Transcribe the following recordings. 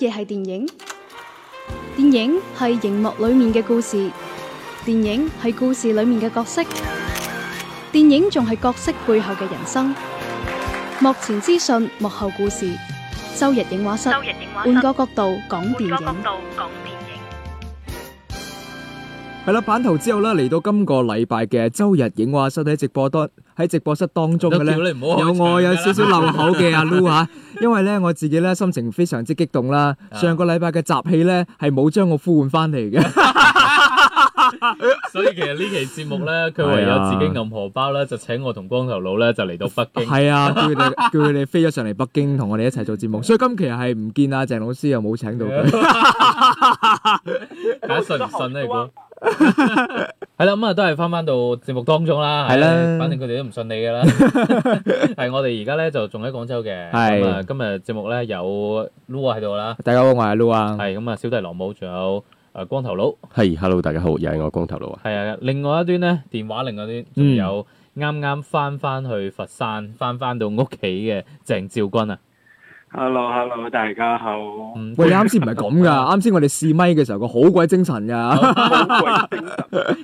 嘅係電影，電影係熒幕裏面嘅故事，電影係故事裏面嘅角色，電影仲係角色背後嘅人生。幕前資訊，幕後故事。周日影畫室，換個角度講電影。係啦，版圖之後咧，嚟到今個禮拜嘅周日影話室喺直播當喺直播室當中嘅咧，有我有少少漏口嘅阿 Lu 吓，因為咧我自己咧心情非常之激動啦，上個禮拜嘅集氣咧係冇將我呼喚翻嚟嘅。 所以其實呢期節目咧，佢唯有自己揞荷包啦，就請我同光頭佬咧就嚟到北京。係啊，叫佢哋飛咗上嚟北京，同我哋一齊做節目。所以今期係唔見啊鄭老師，又冇請到佢。睇信唔信咧？如果係啦，咁啊都係翻翻到節目當中啦。係啦，反正佢哋都唔信你噶啦。係我哋而家咧就仲喺廣州嘅。係。咁啊今日節目咧有 Loo 啊喺度啦。大家好，我係 Loo 啊。係咁啊，小弟羅姆，仲有。光頭佬係，Hello，大家好，又係我光頭佬啊。係啊，另外一端咧，電話另外一端，仲有啱啱翻翻去佛山，翻翻到屋企嘅鄭兆君啊。Hello，Hello，大家好。喂，啱先唔係咁噶，啱先我哋試咪嘅時候，佢好鬼精神噶，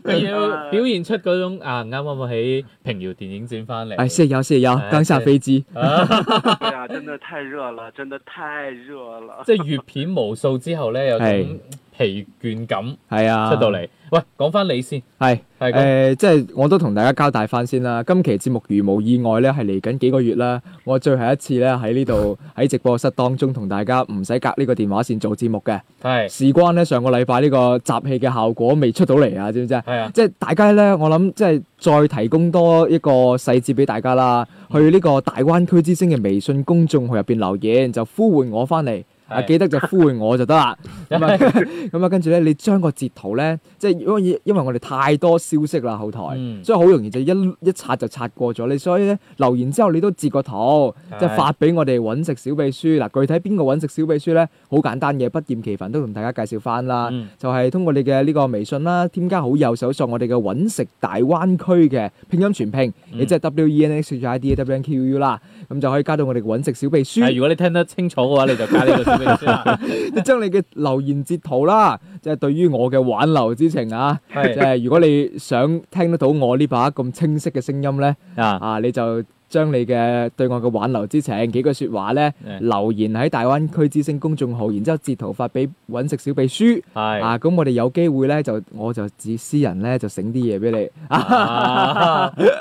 你要表現出嗰種啊，啱啱我喺平遙電影展翻嚟。哎，謝邀，謝邀，剛下飛機。哎呀，真的太熱了，真的太熱了。即係閱片無數之後咧，有啲。疲倦感係啊出到嚟，喂，講翻你先係，誒，即係我都同大家交代翻先啦。今期節目如無意外咧，係嚟緊幾個月啦。我最後一次咧喺呢度喺 直播室當中同大家唔使隔呢個電話線做節目嘅。係是，事關咧上個禮拜呢個集氣嘅效果未出到嚟啊，知唔知啊？係啊，即係大家咧，我諗即係再提供多一個細節俾大家啦。 去呢個大灣區之星嘅微信公眾，公眾號入邊留言，就呼喚我翻嚟。是記得就呼喚我就得啦。咁啊，跟住咧，你將個截圖咧，即係因為因為我哋太多消息啦，後台，嗯、所以好容易就一一刷就刷過咗。你所以咧，留言之後你都截個圖，是的 即係發俾我哋揾食小秘書嗱。具體邊個揾食小秘書咧？好簡單嘅，不厭其煩都同大家介紹返啦。就係通過你嘅呢個微信啦，添加好友搜索我哋嘅揾食大灣區嘅拼音全拼，你即係 W E N X I D W N Q U 啦。咁就可以加到我哋揾食小秘書。如果你聽得清楚嘅話，你就加呢個。 你將你嘅留言截圖啦，即係對於我嘅挽留之情啊！即係 如果你想聽得到我呢把咁清晰嘅聲音咧， 啊，你就。將你嘅對我嘅挽留之情，幾句説話咧，留言喺大灣區之聲公眾號，然之後截圖發俾揾食小秘書。係啊，咁我哋有機會咧，就我就指私人咧，就醒啲嘢俾你。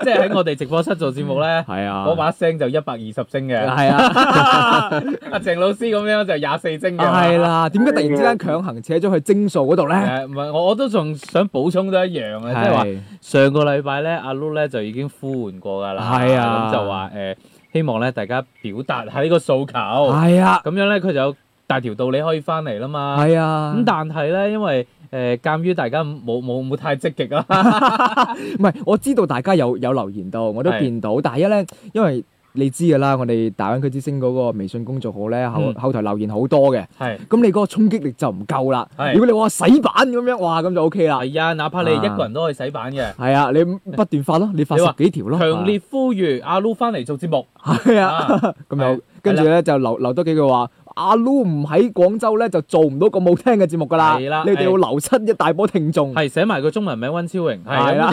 即係喺我哋直播室做節目咧，嗰把聲就一百二十聲嘅。係啊，阿鄭老師咁樣就廿四聲嘅。係啦，點解突然之間強行扯咗去徵數嗰度咧？唔係，我都仲想補充多一樣啊，即係話上個禮拜咧，阿 Luc 咧就已經呼喚過㗎啦。係啊。就話誒、呃，希望咧大家表達下呢個訴求，係啊，咁樣咧佢就有大條道理可以翻嚟啦嘛，係啊，咁但係咧，因為誒、呃，鑑於大家冇冇冇太積極啦，唔 係， 我知道大家有有留言到，我都見到，啊、但係一咧，因為。你知㗎啦，我哋大灣區之星嗰個微信工作號咧、嗯、後後台留言好多嘅，咁你嗰個衝擊力就唔夠啦。如果你話洗版咁樣，哇咁就 OK 啦。係啊，哪怕你一個人都可以洗版嘅。係啊，你不斷發咯，你發十幾條咯。啊、強烈呼籲阿 Lu 翻嚟做節目。係啊，咁又、啊啊、跟住咧、啊、就留留，留多幾句話。阿 Lu 唔喺廣州咧，就做唔到咁好聽嘅節目噶啦。你哋要流失一大波聽眾。係寫埋個中文名溫超榮。係啦。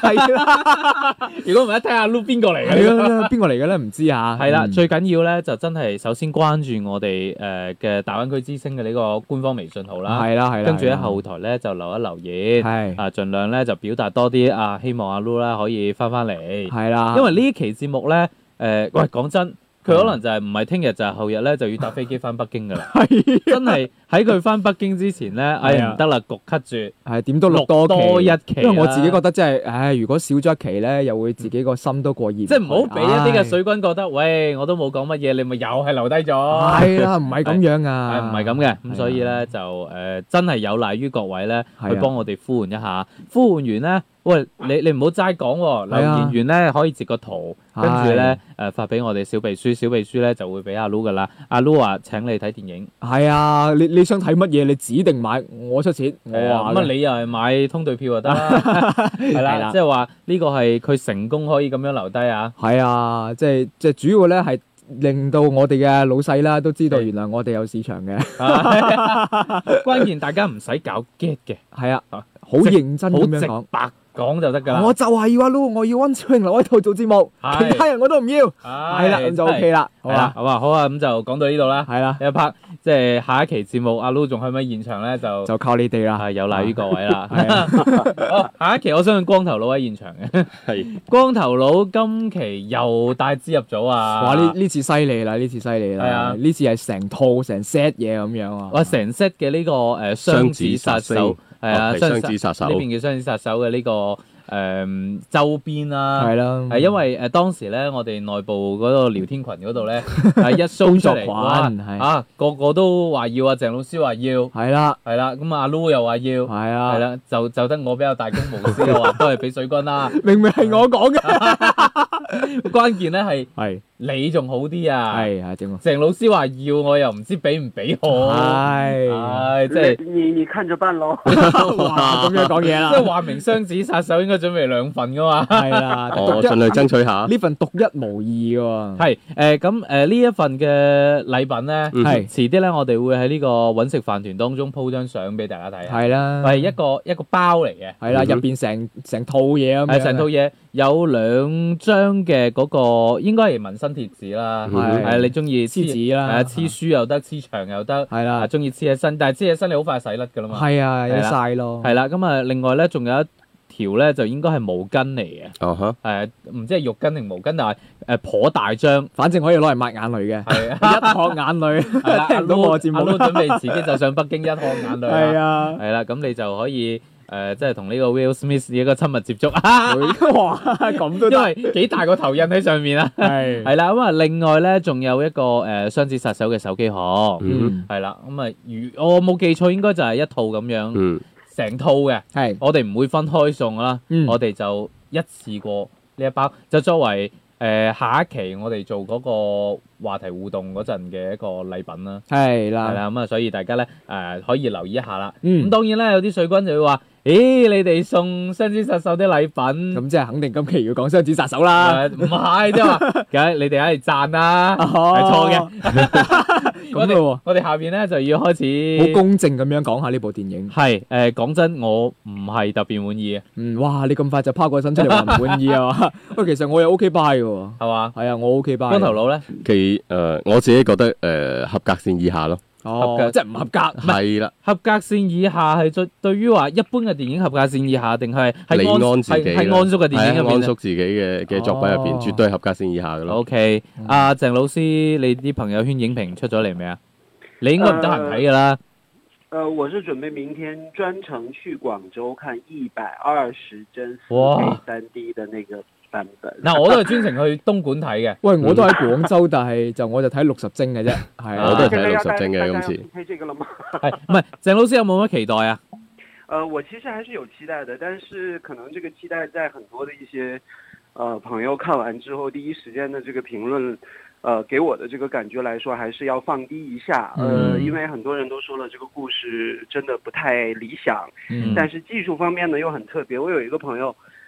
係啦。如果唔係，一聽阿 Lu 邊個嚟嘅？邊個嚟嘅咧？唔知啊。係啦，最緊要咧就真係首先關注我哋誒嘅大灣區之星嘅呢個官方微信號啦。係啦，係啦。跟住喺後台咧就留一留言。係。啊，儘量咧就表達多啲啊，希望阿 Lu 咧可以翻翻嚟。係啦。因為呢一期節目咧，誒喂，講真。佢可能就係唔係聽日，就係、是、後日咧，就要搭飛機返北京㗎啦， 真係。喺佢返北京之前咧，啊、哎唔得啦，焗咳住，係點、啊、都落多，多一期、啊，因為我自己覺得真係，唉、哎，如果少咗一期咧，又會自己個心都過熱，即係唔好俾一啲嘅水軍覺得，哎、喂，我都冇講乜嘢，你咪又係留低咗，係啊，唔係咁樣啊，唔係咁嘅，咁、啊、所以咧就，誒、呃，真係有賴於各位咧，去幫我哋呼喚一下，呼喚完咧，喂，你你唔好齋講，留言完咧可以截個圖，啊啊、跟住咧，誒、呃，發俾我哋小秘書，小秘書咧就會俾阿 Lu 噶啦，阿 Lu 啊，請你睇電影，係啊，你想睇乜嘢？你指定買，我出錢。乜你又係買通兌票就得啦？係啦，即係話呢個係佢成功可以咁樣留低啊？係啊，啊即係即係主要咧係令到我哋嘅老細啦都知道，原來我哋有市場嘅。 關鍵大家唔使搞 get 嘅，係 啊，好認真咁樣講。講就得噶啦！我就係要阿 Loo，我要温小明留喺度做節目，其他人我都唔要。係啦，咁就 OK 啦。係啦，好啊，好啊，咁就講到呢度啦。係啦，一拍即係下一期節目，阿 Loo 仲去唔喺現場咧？就就靠你哋啦，有賴於各位啦。係下一期我相信光頭佬喺現場嘅。係。光頭佬今期又帶資入組啊！哇！呢呢次犀利啦，呢次犀利啦。係啊。呢次係成套成 set 嘢咁樣啊！哇！成 set 嘅呢個誒雙子殺手。係、哦這個呃、啊，雙子殺手呢邊叫雙子殺手嘅呢個誒周邊啦，係啦，係因為誒當時咧，我哋內部嗰個聊天群嗰度咧，係 一搜出嚟，啊個個都話要啊，鄭老師話要，係啦係啦，咁阿 Lo 又話要，係啊的，係啦，就就得我比較大公無私嘅話， 都係俾水軍啦、啊，明明係我講嘅。的 關鍵咧，係係你仲好啲啊，係啊，鄭鄭老師話要我又唔知俾唔俾我，係係即係你你看着辦咯，哇咁樣講嘢啦，即係話明雙子殺手應該準備兩份噶嘛，係啦我儘量爭取下呢份獨一無二嘅，係誒，咁誒呢一份嘅禮品咧，係遲啲咧我哋會喺呢個揾食飯團當中鋪張相俾大家睇，係啦，係一個一個包嚟嘅，係啦，入邊成成套嘢咁樣係成套嘢有兩張。嘅嗰個應該係紋身貼紙啦，係你中意黐紙啦，黐書又得，黐牆又得，係啦，中意黐喺身，但係黐喺身你好快洗甩噶啦嘛，係啊，一曬咯，係啦，咁啊另外咧仲有一條咧就應該係毛巾嚟嘅，哦哈，係啊，唔知係浴巾定毛巾，但係誒頗大張，反正可以攞嚟抹眼淚嘅，係啊，一哭眼淚，聽到我節目我都準備自己就上北京一哭眼淚啦，係啦，咁你就可以。誒、呃，即係同呢個 Will Smith 一個親密接觸啊！哇，咁都因為幾大個頭印喺上面啦，係係啦。咁啊，另外咧，仲有一個誒，雙子殺手嘅手機殼，嗯，係啦、嗯。咁、嗯、啊，如我冇記錯，應該就係一套咁樣，成的套嘅，係的。我哋唔會分開送啦，嗯、我哋就一次過呢一包，就作為誒、呃、下一期我哋做嗰個話題互動嗰陣嘅一個禮品啦，係啦的，係啦。咁、嗯、啊，所以大家咧誒、呃、可以留意一下啦。咁、嗯嗯、當然咧，有啲水軍就會話。咦，你哋送雙子殺手啲禮品，咁即係肯定今期要講雙子殺手啦。唔係啫嘛，梗係你哋喺度讚啦，係錯嘅。咁樣我哋下邊咧就要開始好公正咁樣講下呢部電影。係誒，講真，我唔係特別滿意啊。嗯，哇，你咁快就拋個身出嚟話唔滿意啊？喂，其實我又 OK buy 嘅喎，係嘛？係啊，我 OK buy。光頭佬咧，其誒，我自己覺得誒，合格線以下咯。合哦，即係唔合格，唔係啦。是了合格線以下係最，對於話一般嘅電影合格線以下，定係係安安叔嘅電影入邊咧，係安叔自己嘅嘅作品入邊，哦、絕對係合格線以下嘅咯。O K，阿鄭老師，你啲朋友圈影評出咗嚟未啊？你應該唔得閒睇噶啦。呃，我是準備明天專程去廣州看一百二十幀四 K 三 D 嘅那個。嗱，啊，我都係專程去東莞睇嘅。喂，我都喺廣州， 但係就我就睇六十幀嘅啫。係啊， 我都係睇六十幀嘅，今次。係，唔係鄭老師有冇乜期待啊？誒、呃，我其實還是有期待的，但是可能這個期待在很多的一些誒、呃、朋友看完之後，第一時間的這個評論，誒、呃，給我的這個感覺來說，還是要放低一下。誒、呃，因為很多人都說了，這個故事真的不太理想。嗯、但是技術方面呢，又很特別。我有一個朋友。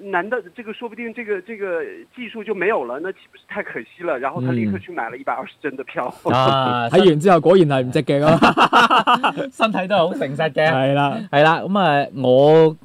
難道這個說不定這個這個技術就沒有了？那豈不是太可惜了？然後他立刻去買了一百二十幀的票。睇、嗯 啊、完之後果然係唔值嘅。啊！ 身體都係好誠實嘅。係啦係啦，咁啊我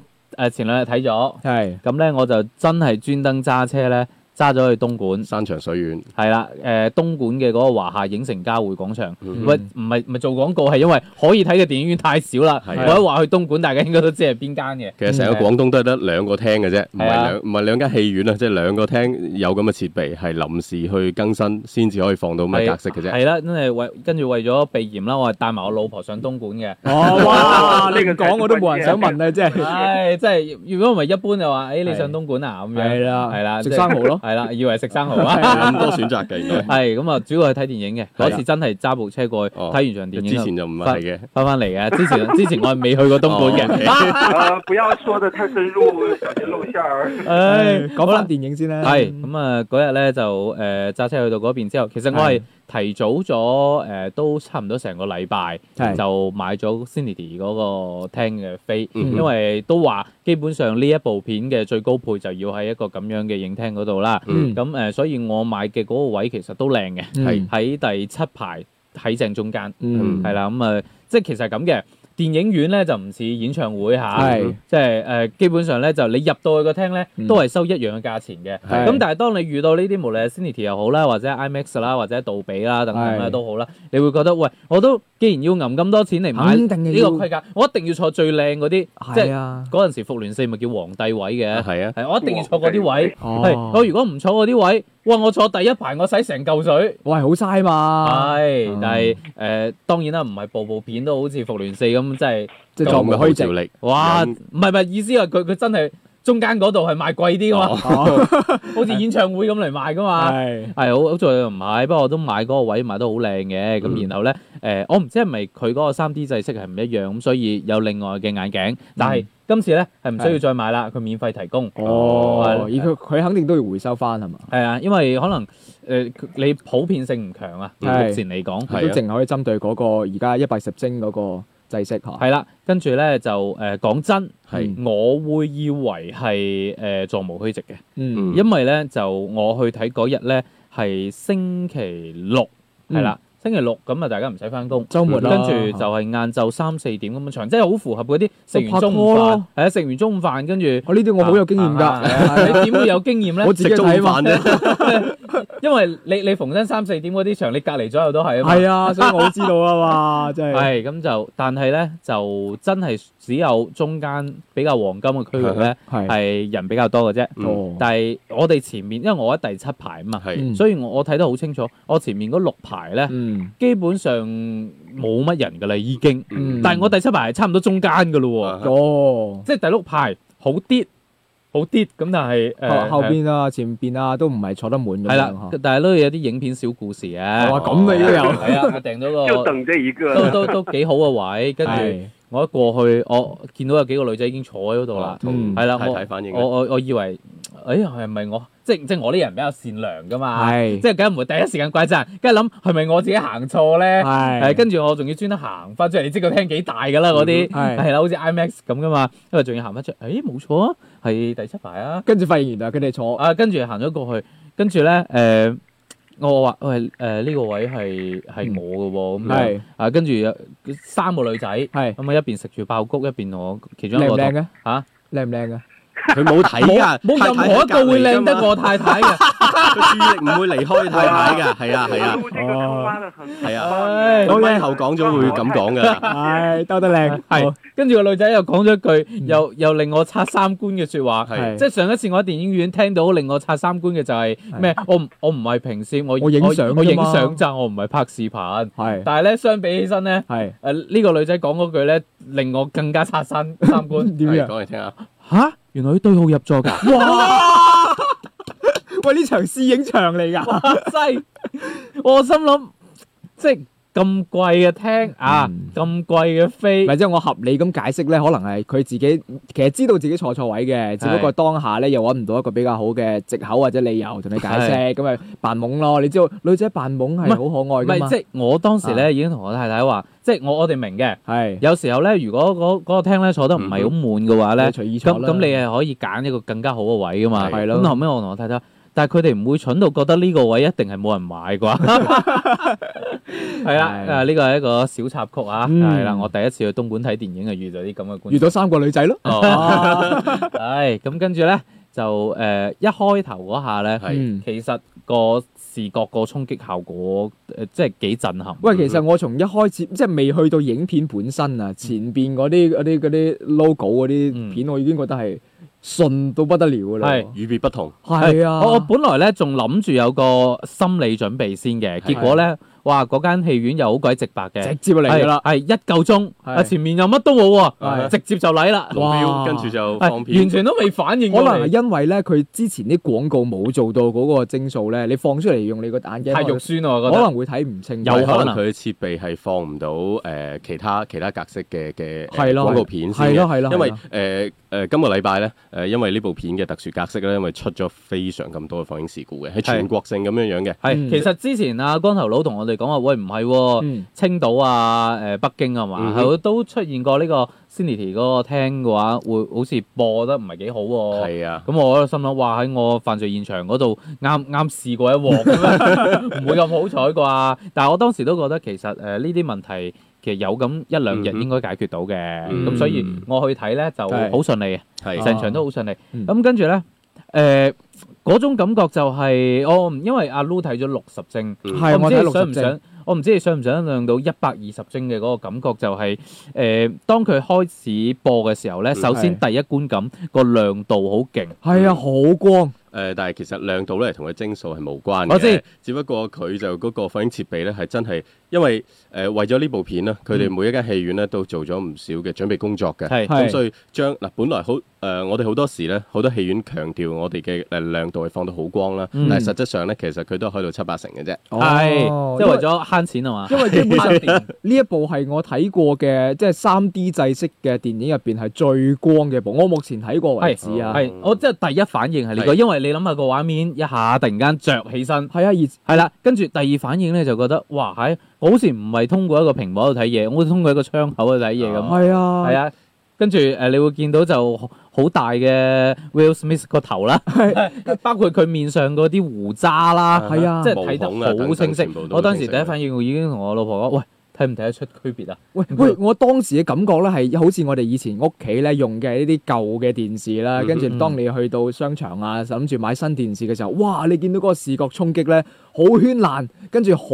誒前兩日睇咗，係咁咧我就真係專登揸車咧。揸咗去東莞，山長水遠。係啦，誒東莞嘅嗰個華夏影城嘉匯廣場，唔係唔係唔係做廣告，係因為可以睇嘅電影院太少啦。我一話去東莞，大家應該都知係邊間嘅。其實成個廣東都係得兩個廳嘅啫，唔係兩唔係兩間戲院啊，即係兩個廳有咁嘅設備，係臨時去更新先至可以放到咩格式嘅啫。係啦，真係為跟住為咗避嫌啦，我係帶埋我老婆上東莞嘅。哦，哇！呢個講我都冇人想問啦，真係。唉，真係如果唔係一般就話，誒你上東莞啊咁樣。係啦，係啦，食生蠔咯。係啦，以為食生蠔啊！咁 多選擇嘅，係咁啊，主要係睇電影嘅。嗰次真係揸部車過去睇，哦，完場電影之是是回回。之前就唔係嘅，翻翻嚟嘅。之前之前我係未去過東莞嘅。不要說得太深入，小心露餡。唉，哎，講翻電影先啦。係咁啊，嗰日咧就誒揸車去到嗰邊之後，其實我係。提早咗誒、呃，都差唔多成個禮拜的就買咗 Cinity 嗰個廳嘅飛，mm hmm. 因為都話基本上呢一部片嘅最高配就要喺一個咁樣嘅影廳嗰度啦。咁誒、mm hmm. 呃，所以我買嘅嗰個位其實都靚嘅，係喺、mm hmm. 第七排喺正中間，係啦、mm。咁、hmm. 誒、嗯呃，即係其實咁嘅。電影院咧就唔似演唱會嚇，即係誒基本上咧就你入到去個廳咧、嗯、都係收一樣嘅價錢嘅，咁係、嗯、但係當你遇到呢啲無論係 Cinity 又好啦，或者 IMAX 啦，或者杜比啦等等咧都好啦，你會覺得喂，我都既然要揞咁多錢嚟買呢、嗯、個規格，我一定要坐最靚嗰啲，即係嗰陣時復聯四咪叫皇帝位嘅，係啊，啊我一定要坐嗰啲位，我、啊啊、如果唔坐嗰啲位。哇！我坐第一排，我洗成嚿水，哇！好嘥嘛，係是，嗯、但係誒、呃，當然啦，唔係部部片都好似《復聯四》咁是，即係即係作唔到個號召力，哇！唔係唔係，意思係佢佢真係。中間嗰度係賣貴啲嘅，好似演唱會咁嚟賣嘅嘛。係係，好在唔係，不過我都買嗰個位買得好靚嘅。咁然後咧，誒，我唔知係咪佢嗰個 3D 制式係唔一樣，咁所以有另外嘅眼鏡。但係今次咧係唔需要再買啦，佢免費提供。哦，而佢佢肯定都要回收翻係嘛？係啊，因為可能誒你普遍性唔強啊，目前嚟講都淨可以針對嗰個而家一百十精嗰個。係啦，跟住咧就誒講、呃、真，係是我會以為係誒座無虛席嘅，嗯，嗯，因為咧就我去睇嗰日咧係星期六，係啦。嗯星期六咁啊，大家唔使翻工，周末跟住就係晏晝三四點咁樣場，即係好符合嗰啲食完中午飯，係啊，食完中午飯跟住。呢啲我好有經驗㗎，你點會有經驗咧？我自己食中午飯啫，因為你你逢身三四點嗰啲場，你隔離左右都係啊嘛。係啊，所以我知道啊嘛，真係。係咁就，但係咧就真係。只有中間比較黃金嘅區域咧，係人比較多嘅啫。但係我哋前面，因為我喺第七排啊嘛，所以我睇得好清楚。我前面嗰六排咧，基本上冇乜人噶啦，已經。但係我第七排係差唔多中間噶咯喎。哦，即係第六排好啲，好啲咁，但係後後邊啊、前邊啊都唔係坐得滿咁。係啦，但係都有啲影片小故事嘅。哇，咁你都有？係啊，我訂咗個都都都幾好嘅位，跟住。我一過去，我見到有幾個女仔已經坐喺嗰度啦，係、嗯、啦。係睇反應，我我，我以為，誒係咪我即即我啲人比較善良噶嘛，是即梗唔會第一時間怪責，跟住諗係咪我自己行錯咧？誒是、啊、跟住我仲要專登行翻出嚟，你知佢廳幾大噶啦，嗰啲係啦，好似 IMAX 咁噶嘛，因為仲要行翻出，誒、哎、冇錯啊，係第七排啊。跟住發現原來佢哋坐啊，跟住行咗過去，跟住咧誒。呃嗯嗯哦、我話喂，誒呢個位係係我㗎喎，咁、哦嗯、樣是啊，跟住三個女仔，咁啊是一邊食住爆谷，一邊我其中一個嚇靚唔靚啊？啊，靚佢冇睇噶，冇任何一個會靚得過太太嘅，佢注意力唔會離開太太嘅，係啊係啊，係啊，我翻啊，係後講咗會咁講噶，唉，兜得靚係。跟住個女仔又講咗一句，又又令我拆三觀嘅説話係，即係上一次我喺電影院聽到令我拆三觀嘅就係咩？我唔我唔係平片，我影相，我影相咋，我唔係拍視頻，係。但係咧，相比起身咧，係誒呢個女仔講嗰句咧，令我更加拆三三觀，點樣講嚟聽下？吓，原來對號入座噶，哇！ 喂，呢場係試影場嚟噶，真係哇 我心諗，即係。咁貴嘅廳啊，咁、嗯、貴嘅飛，或者、就是、我合理咁解釋咧，可能係佢自己其實知道自己坐錯位嘅，是只不過當下咧又揾唔到一個比較好嘅藉口或者理由同你解釋，咁咪扮懵咯。你知道女仔扮懵係好可愛嘅，唔係即係我當時咧、啊、已經同我太太話，即、就、係、是、我我哋明嘅，係是有時候咧，如果嗰、那、嗰、個那個廳咧坐得唔係好滿嘅話咧，咁咁、嗯、你係可以揀一個更加好嘅位㗎嘛？係咯的，咁後尾我同我太太，太？但係佢哋唔會蠢到覺得呢個位一定係冇人買啩？係 啦了。的啊，呢個係一個小插曲啊。係啦、嗯，我第一次去東莞睇電影啊，遇咗啲咁嘅觀，遇咗三個女仔咯。哦，係咁跟住咧就誒、呃、一開頭嗰下咧，其實個視覺個衝擊效果誒，即係幾震撼。喂，其實我從一開始即係未去到影片本身啊，嗯、前邊啲啲嗰啲 logo 嗰啲片，嗯、我已經覺得係。信到不得了啦，係與別不同，係啊！我本來咧仲諗住有個心理準備先嘅，結果咧，哇！嗰間戲院又好鬼直白嘅，直接嚟噶啦，係一夠鐘，啊，前面又乜都冇，直接就嚟啦，跟住就放完全都未反應，可能係因為咧佢之前啲廣告冇做到嗰個幀數咧，你放出嚟用你個眼鏡太肉酸可能會睇唔清，有可能佢設備係放唔到誒其他其他格式嘅嘅廣告片，係咯，係咯，因為誒。誒、呃、今個禮拜咧，誒、呃、因為呢部片嘅特殊格式咧，因為出咗非常咁多嘅放映事故嘅，係是全國性咁樣樣嘅。係、嗯，其實之前阿、啊、光頭佬同我哋講話，喂、啊，唔係喎，青島啊，誒、呃、北京啊嘛，嗯、哼都出現過呢個 Cinity 嗰個廳嘅話，會好似播得唔係幾好喎。啊，咁、啊、我心諗話喺我犯罪現場嗰度啱啱試過一鑊，唔 會咁好彩啩。但係我當時都覺得其實誒呢啲問題。其實有咁一兩日應該解決到嘅，咁、嗯、所以我去睇呢就好順利，成是場都好順利。咁、啊、跟住呢，誒、呃、嗰種感覺就係、是、我、哦、因為阿 Lu 睇咗六十幀，是我唔知你想唔想，我唔知你想唔想亮到一百二十幀嘅嗰個感覺就係、是、誒、呃、當佢開始播嘅時候呢，首先第一觀感個是亮度好勁，係啊，好、嗯、光。誒、呃，但係其實亮度呢，同佢幀數係冇關嘅，我知只不過佢就嗰個放映設備呢，係真係。因為誒為咗呢部片咧，佢哋每一間戲院咧都做咗唔少嘅準備工作嘅，咁所以將嗱，本來好誒，我哋好多時呢，好多戲院強調我哋嘅誒亮度係放到好光啦，但係實質上呢，其實佢都係開到七八成嘅啫，係，即係為咗慳錢啊嘛，因為呢一部係我睇過嘅，即係三 D 製式嘅電影入邊係最光嘅部，我目前睇過為止啊，係，我即係第一反應係呢個，因為你諗下個畫面一下突然間着起身，係啊，熱係啦，跟住第二反應呢，就覺得哇喺～好似唔係通過一個屏幕度睇嘢，我通過一個窗口喺度睇嘢咁。係啊，係啊，跟住誒，你會見到就好大嘅 Will Smith 個頭啦，是啊、 包括佢面上嗰啲胡渣啦，是啊、即係睇得好清晰。清晰我當時第一反應我已經同我老婆講：喂！睇唔睇得出區別啊？喂喂，我當時嘅感覺咧，係好似我哋以前屋企咧用嘅呢啲舊嘅電視啦，跟住當你去到商場啊，諗住買新電視嘅時候，哇！你見到嗰個視覺衝擊咧，好絢爛，跟住好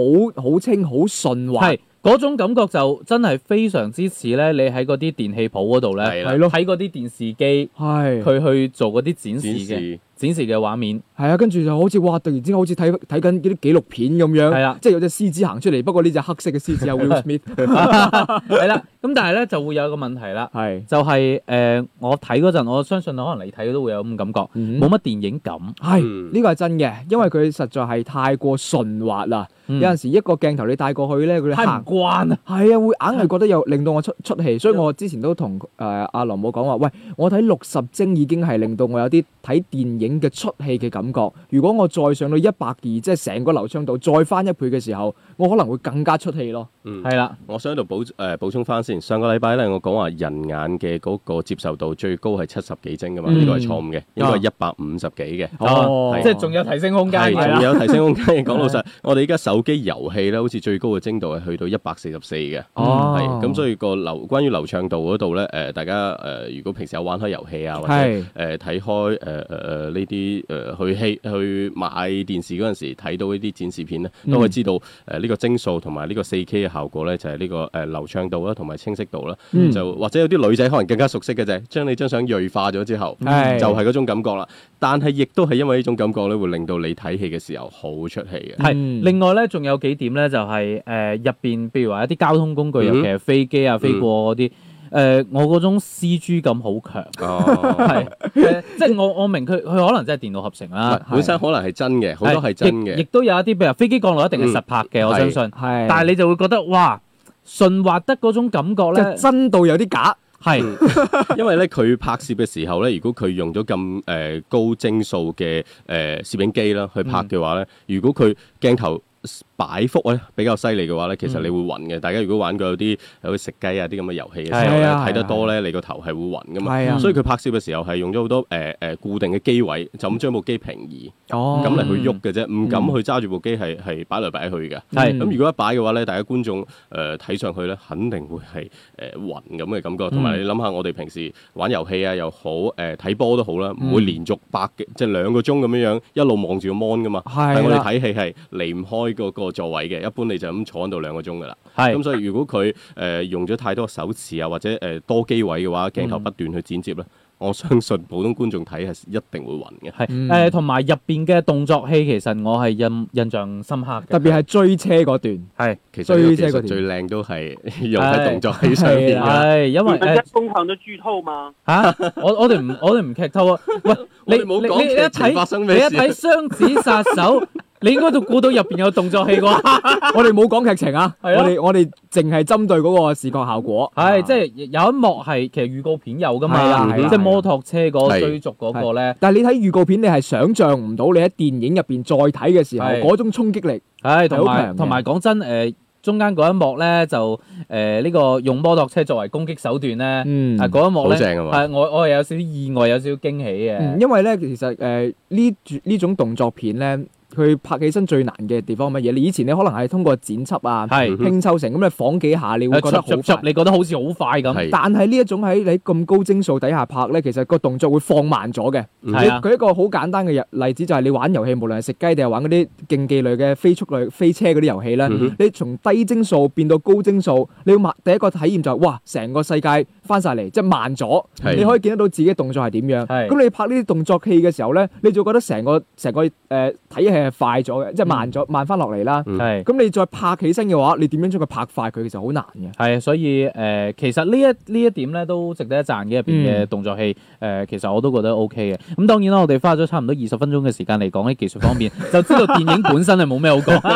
好清好順滑，嗰種感覺就真係非常之似咧，你喺嗰啲電器鋪嗰度咧，係咯的，睇嗰啲電視機，係佢的去，去做嗰啲展示嘅。展示嘅畫面係啊，跟住就好似哇！突然之間好似睇睇緊啲紀錄片咁樣，係啊，即係有隻獅子行出嚟。不過呢隻黑色嘅獅子係 Will Smith 係啦。咁但係咧就會有個問題啦，係就係誒我睇嗰陣，我相信可能你睇都會有咁感覺，冇乜電影感。係呢個係真嘅，因為佢實在係太過順滑啦。有陣時一個鏡頭你帶過去咧，佢哋唔慣啊。係啊，會硬係覺得有令到我出出戲。所以我之前都同誒阿羅母講話，喂，我睇六十幀已經係令到我有啲睇電影。嘅出氣嘅感覺，如果我再上到一百二，即係成個流暢度再翻一倍嘅時候。我可能會更加出戲咯，係啦。我想喺度補誒補充翻先。上個禮拜咧，我講話人眼嘅嗰個接受度最高係七十幾幀㗎嘛，呢個係錯誤嘅，應該係一百五十幾嘅。即係仲有提升空間。仲有提升空間。講老實，我哋依家手機遊戲咧，好似最高嘅精度係去到一百四十四嘅。哦，係咁，所以個流關於流暢度嗰度咧，誒大家誒，如果平時有玩開遊戲啊，或者誒睇開誒誒誒呢啲誒去去買電視嗰陣時睇到呢啲展示片咧，都可以知道誒呢。個幀數同埋呢個 4K 嘅效果呢，就係、是、呢、這個誒、呃、流暢度啦，同埋清晰度啦。嗯、就或者有啲女仔可能更加熟悉嘅啫，將你張相銳化咗之後，嗯、就係嗰種感覺啦。但係亦都係因為呢種感覺呢，會令到你睇戲嘅時候好出戲嘅。係、嗯、另外呢，仲有幾點呢，就係誒入邊，譬、呃、如話一啲交通工具、嗯、哼尤其係，飛機啊飛過嗰啲。嗯誒、呃，我嗰種 C.G. 感好強，係、哦 呃，即係我我明佢佢可能真係電腦合成啦，本身可能係真嘅，好是多係真嘅，亦都有一啲譬如飛機降落一定係實拍嘅，嗯、我相信，係是，但係你就會覺得哇，順滑得嗰種感覺咧，真到有啲假，係是， 因為咧佢拍攝嘅時候咧，如果佢用咗咁誒高精數嘅誒攝影機啦去拍嘅話咧、嗯，如果佢鏡頭，擺幅咧比較犀利嘅話咧，其實你會暈嘅。大家如果玩過有啲有啲食雞啊啲咁嘅遊戲嘅時候咧，睇得多咧，你個頭係會暈噶嘛。所以佢拍攝嘅時候係用咗好多誒誒固定嘅機位，就咁將部機平移，唔敢嚟去喐嘅啫，唔敢去揸住部機係係擺嚟擺去嘅。咁，如果一擺嘅話咧，大家觀眾誒睇上去咧，肯定會係誒暈咁嘅感覺。同埋你諗下，我哋平時玩遊戲啊又好，誒睇波都好啦，唔會連續百即係兩個鐘咁樣樣一路望住個 mon 噶嘛。但係我哋睇戲係離唔開嗰個。座位嘅，一般你就咁坐喺度兩個鐘噶啦。係，咁所以如果佢誒用咗太多手持啊，或者誒多機位嘅話，鏡頭不斷去剪接咧，我相信普通觀眾睇係一定會暈嘅。係，誒同埋入邊嘅動作戲，其實我係印印象深刻嘅，特別係追車嗰段。係，其實追車嗰段最靚都係用喺動作戲上邊。係，因為方向咗朱濤嘛。吓，我我哋唔我哋唔劇透喎。喂，你冇講之前發生咩事？你一睇雙子殺手。你應該都估到入邊有動作戲啩？我哋冇講劇情啊，我哋我哋淨係針對嗰個視覺效果。係，即係有一幕係其實預告片有㗎嘛，即係摩托車嗰追逐嗰個咧。但係你睇預告片，你係想像唔到你喺電影入邊再睇嘅時候嗰種衝擊力。係，同埋同埋講真，誒中間嗰一幕咧就誒呢個用摩托車作為攻擊手段咧，誒嗰一幕咧，誒我我係有少少意外，有少少驚喜嘅。因為咧，其實誒呢呢種動作片咧。佢拍起身最難嘅地方乜嘢？你以前你可能係通過剪輯啊，係是拼湊成咁、嗯、哼樣晃幾下，你會覺得好、呃呃呃、你覺得好似好快咁，但係呢一種喺你咁高幀數底下拍咧，其實個動作會放慢咗嘅。係、啊、舉一個好簡單嘅例子就係你玩遊戲，無論係食雞定係玩啲競技類嘅飛速類飛車嗰啲遊戲咧，嗯、哼你從低幀數變到高幀數，你要麥第一個體驗就係、是、哇，成個世界翻晒嚟，即、就、係、是、慢咗，是你可以見得到自己動作係點樣。係咁是你拍呢啲動作戲嘅時候咧，你就覺得成個成個誒睇、呃、起。係、呃、快咗嘅，即係慢咗，嗯、慢翻落嚟啦。係、嗯，咁你再拍起身嘅話，你點樣將佢拍快佢，其實好難嘅。係，所以誒、呃，其實呢一呢一點咧，都值得一贊嘅。入邊嘅動作戲，誒、嗯呃，其實我都覺得 O K 嘅。咁當然啦，我哋花咗差唔多二十分鐘嘅時間嚟講喺技術方面， 就知道電影本身係冇咩好講。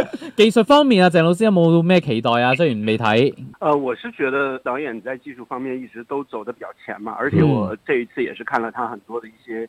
技術方面啊，鄭老師有冇咩期待啊？雖然未睇。誒、呃，我是覺得導演在技術方面一直都走得比較前嘛，而且我這一次也是看了他很多的一些、嗯。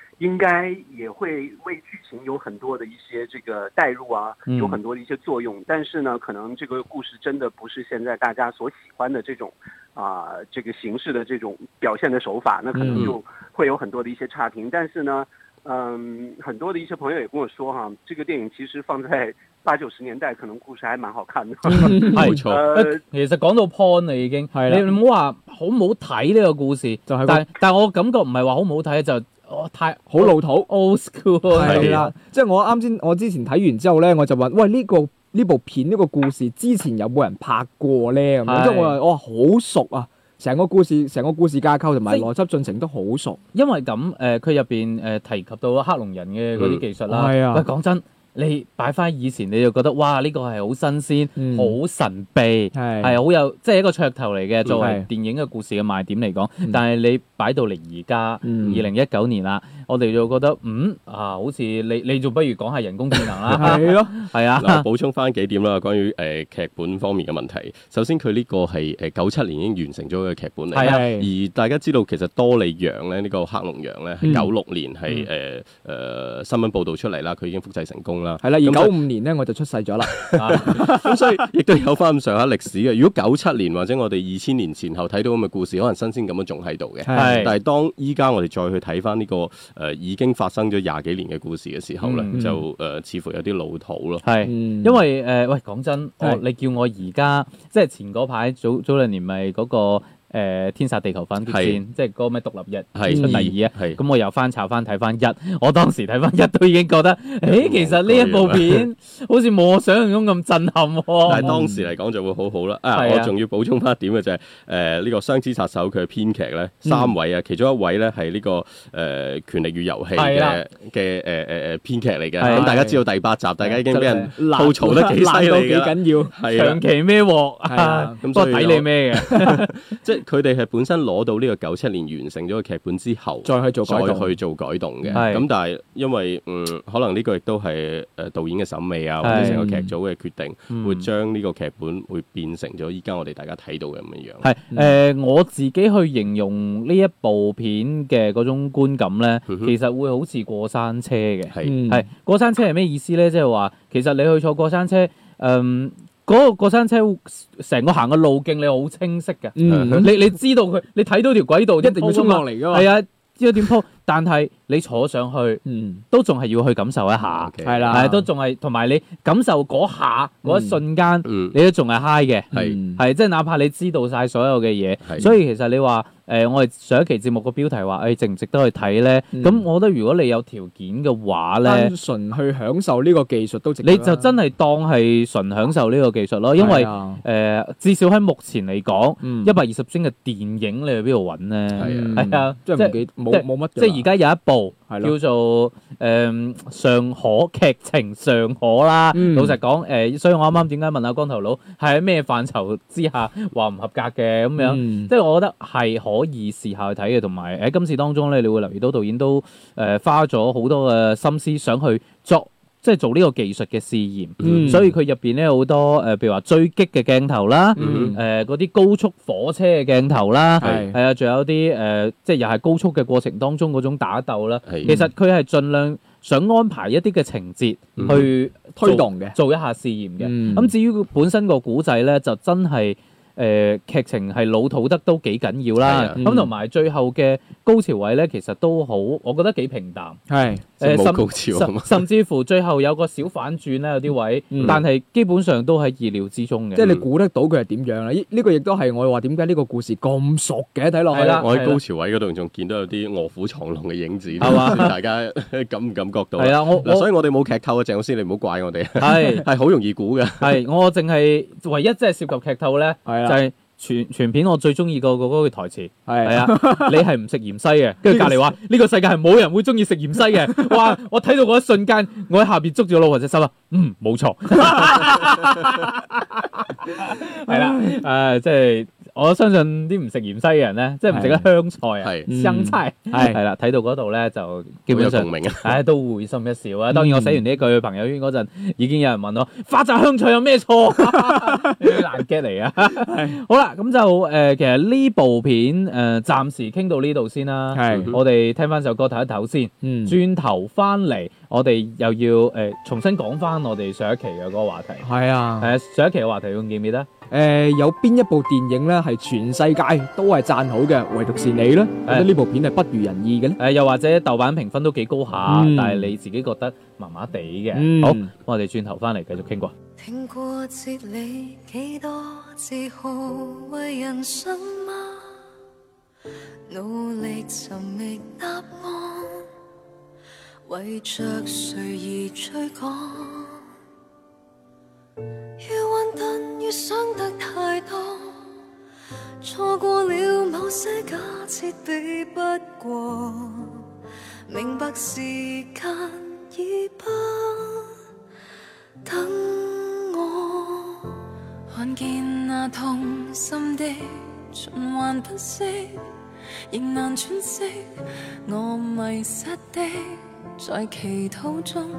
應該也會為劇情有很多的一些這個帶入啊，有很多的一些作用。但是呢，可能這個故事真的不是現在大家所喜歡的這種啊、呃，這個形式的這種表現的手法，那可能就會有很多的一些差評。但是呢，嗯、呃，很多的一些朋友也跟我說哈、啊，這個電影其實放在八九十年代，可能故事還蠻好看的。冇錯 了，呃、其實講到 point 了已經係的你唔好話好唔好睇呢個故事，的但但，但我感覺唔係話好唔好睇就。我太好老土，old school 係啦，啊、即係我啱先，我之前睇完之後呢，我就話喂呢、呢個呢部片呢、呢個故事之前有冇人拍過呢？啊」咁即係我話好熟啊，成個故事成個故事架構同埋邏輯進程都好熟，因為咁誒，佢入邊誒提及到克隆人嘅嗰啲技術啦。啊啊、喂，講真。你擺翻以前，你就覺得哇！呢、這個係好新鮮，好、嗯、神秘，係好是有，即係一個噱頭嚟嘅作為電影嘅故事嘅賣點嚟講。嗯、但係你擺到嚟而家，二零一九年啦。我哋就覺得嗯啊，好似你你仲不如講下人工智能啦。係咯，係啊。嗱，補充翻幾點啦，關於誒劇本方面嘅問題。首先，佢呢個係誒九七年已經完成咗嘅劇本嚟啦。而大家知道，其實多利羊咧，呢個克隆羊咧，九六年係誒誒新聞報導出嚟啦，佢已經複製成功啦。係啦，九五年呢，我就出世咗啦。咁所以亦都有翻咁上下歷史嘅。如果九七年或者我哋二千年前後睇到咁嘅故事，可能新鮮感都仲喺度嘅。但係當依家我哋再去睇翻呢個。誒、呃、已經發生咗廿幾年嘅故事嘅時候咧，嗯、就誒、呃、似乎有啲老土咯。係，嗯、因為誒、呃、喂，講真，是你叫我而家即係前嗰排早早兩年，咪嗰個。誒，天煞地球反擊戰，即係嗰個咩獨立日出第二啊，咁我又翻查翻睇翻一，我當時睇翻一都已經覺得，誒，其實呢一部片好似冇我想象中咁震撼。但係當時嚟講就會好好啦。我仲要補充翻一點嘅就係，誒，呢個雙子殺手佢嘅編劇咧，三位啊，其中一位咧係呢個誒《權力與遊戲》嘅嘅誒誒誒編劇嚟嘅。咁大家知道第八集，大家已經俾人吐槽得幾犀利，幾緊要長期孭鑊啊，我睇你咩嘅，即係。佢哋係本身攞到呢個九七年完成咗個劇本之後，再去做再去做改動嘅。咁是但係因為嗯，可能呢個亦都係誒導演嘅審美啊，是或者成個劇組嘅決定，嗯、會將呢個劇本會變成咗依家我哋大家睇到嘅咁嘅樣。係、呃、我自己去形容呢一部片嘅嗰種觀感呢， 其實會好似過山車嘅。係係是、嗯、過山車係咩意思呢？即係話其實你去坐過山車，嗯。嗰個過山車成個行嘅路徑你好清晰嘅，嗯、你你知道佢，你睇到條軌道、嗯、一定要衝落嚟嘅嘛，係啊、 嗯，知道點鋪，但係。你坐上去，嗯,都仲係要去感受一下，係啦，係都仲係同埋你感受嗰下一瞬間，你都仲係嗨嘅，係係即係哪怕你知道晒所有嘅嘢。所以其實你話誒我哋上一期節目個標題話誒值唔值得去睇咧？咁我覺得如果你有條件嘅話咧，純去享受呢個技術都值，你就真係當係純享受呢個技術咯，因為誒至少喺目前嚟講一百二十幀嘅電影你去邊度揾咧？係啊，係啊，即係冇冇乜，即係而家有一部。叫做誒尚、呃、可劇情尚可啦，嗯、老實講誒、呃，所以我啱啱點解問阿光頭佬係喺咩範疇之下話唔合格嘅咁樣，即係、嗯、我覺得係可以試下去睇嘅，同埋喺今次當中咧，你會留意到導演都誒、呃、花咗好多嘅心思想去作。即係做呢個技術嘅試驗，嗯、所以佢入邊咧有好多誒，譬、呃、如話追擊嘅鏡頭啦，誒嗰啲高速火車嘅鏡頭啦，係啊是，仲、呃、有啲誒、呃，即係又係高速嘅過程當中嗰種打鬥啦。是其實佢係盡量想安排一啲嘅情節去推動嘅，嗯、做，做一下試驗嘅。咁、嗯嗯、至於本身個古仔呢，就真係。誒，劇情係老土得都幾緊要啦，咁同埋最後嘅高潮位咧，其實都好，我覺得幾平淡。係，高潮甚至甚至乎最後有個小反轉咧，有啲位，但係基本上都喺意料之中嘅，即係你估得到佢係點樣啦。呢呢個亦都係我話點解呢個故事咁熟嘅，睇落去。我喺高潮位嗰度仲見到有啲臥虎藏龍嘅影子，係嘛？大家感唔感覺到？係啊，我我，所以我哋冇劇透啊，鄭老師，你唔好怪我哋。係係好容易估嘅。係，我淨係唯一即係涉及劇透咧。就係全全片我最中意個個嗰句台詞係啊，你係唔食芫茜嘅，跟住隔籬話呢個世界係冇人會中意食芫茜嘅。 哇！我睇到嗰一瞬間，我喺下邊捉住老婆仔手啦。嗯，冇錯，係啦。誒，即係。我相信啲唔食芫茜嘅人咧，即係唔食得香菜啊，生菜，係係啦，睇到嗰度咧就基本上，共鳴啊，唉，都會心一笑啊。當然我寫完呢一句朋友圈嗰陣，已經有人問我：花澤香菜有咩錯？難劇嚟啊！好啦，咁就誒，其實呢部片誒，暫時傾到呢度先啦。係，我哋聽翻首歌睇一睇先。嗯，轉頭翻嚟，我哋又要誒重新講翻我哋上一期嘅嗰個話題。係啊，上一期嘅話題仲見面啊！誒、呃，有邊一部電影呢係全世界都係讚好嘅，唯獨是你呢，覺得呢部片係不如人意嘅呢？誒、呃呃，又或者豆瓣評分都幾高下，嗯、但係你自己覺得麻麻地嘅？嗯、好，咁我哋轉頭翻嚟繼續傾過。錯過了某些假設，比不過明白時間已不等我。看見那痛心的循環不息，仍難喘息。我迷失的在祈禱中，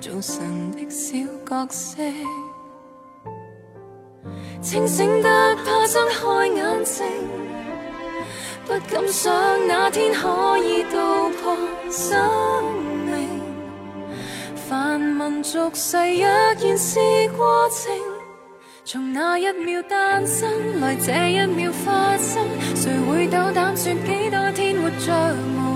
做神的小角色。清醒得怕睜開眼睛，不敢想那天可以渡過生命。 凡民俗世若然是過程，從那一秒誕生，來這一秒發生，誰會斗膽說幾多天活着？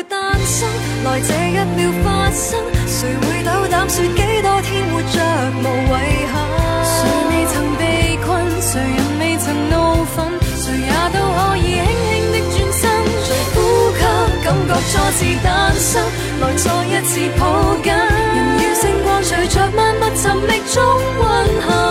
生來這一秒發生，誰會斗膽說幾多天活着無遺憾？誰未曾被困，誰人未曾怒憤，誰也都可以輕輕的轉身。呼吸，感覺再次誕生，來再一次抱緊。人與星光，隨着漫物尋覓中運行。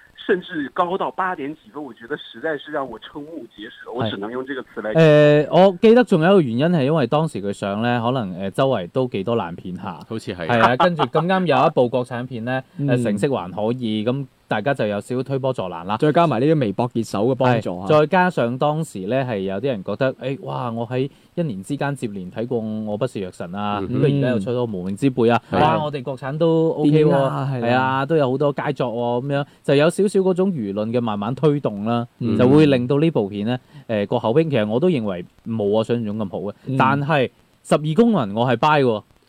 甚至高到八點幾分，我覺得實在是讓我瞠目結舌，我只能用這個詞嚟。誒、呃，我記得仲有一個原因係因為當時佢上咧，可能誒周圍都幾多爛片下，好似係係啊，跟住咁啱有一部國產片咧，誒、 嗯，成績還可以咁。大家就有少少推波助瀾啦，再加埋呢啲微博熱搜嘅幫助，再加上當時呢，係有啲人覺得，誒、哎、哇！我喺一年之間接連睇過《我不是藥神》啊，咁而家又出咗《無名之輩》啊，嗯、哼哇！我哋國產都 O K 喎，啊，都有好多佳作喎、啊，咁樣就有少少嗰種輿論嘅慢慢推動啦、啊，嗯、就會令到呢部片呢，誒、呃、個口碑，其實我都認為冇我想像中咁好嘅，嗯、但係《十二公民》我係 buy 喎。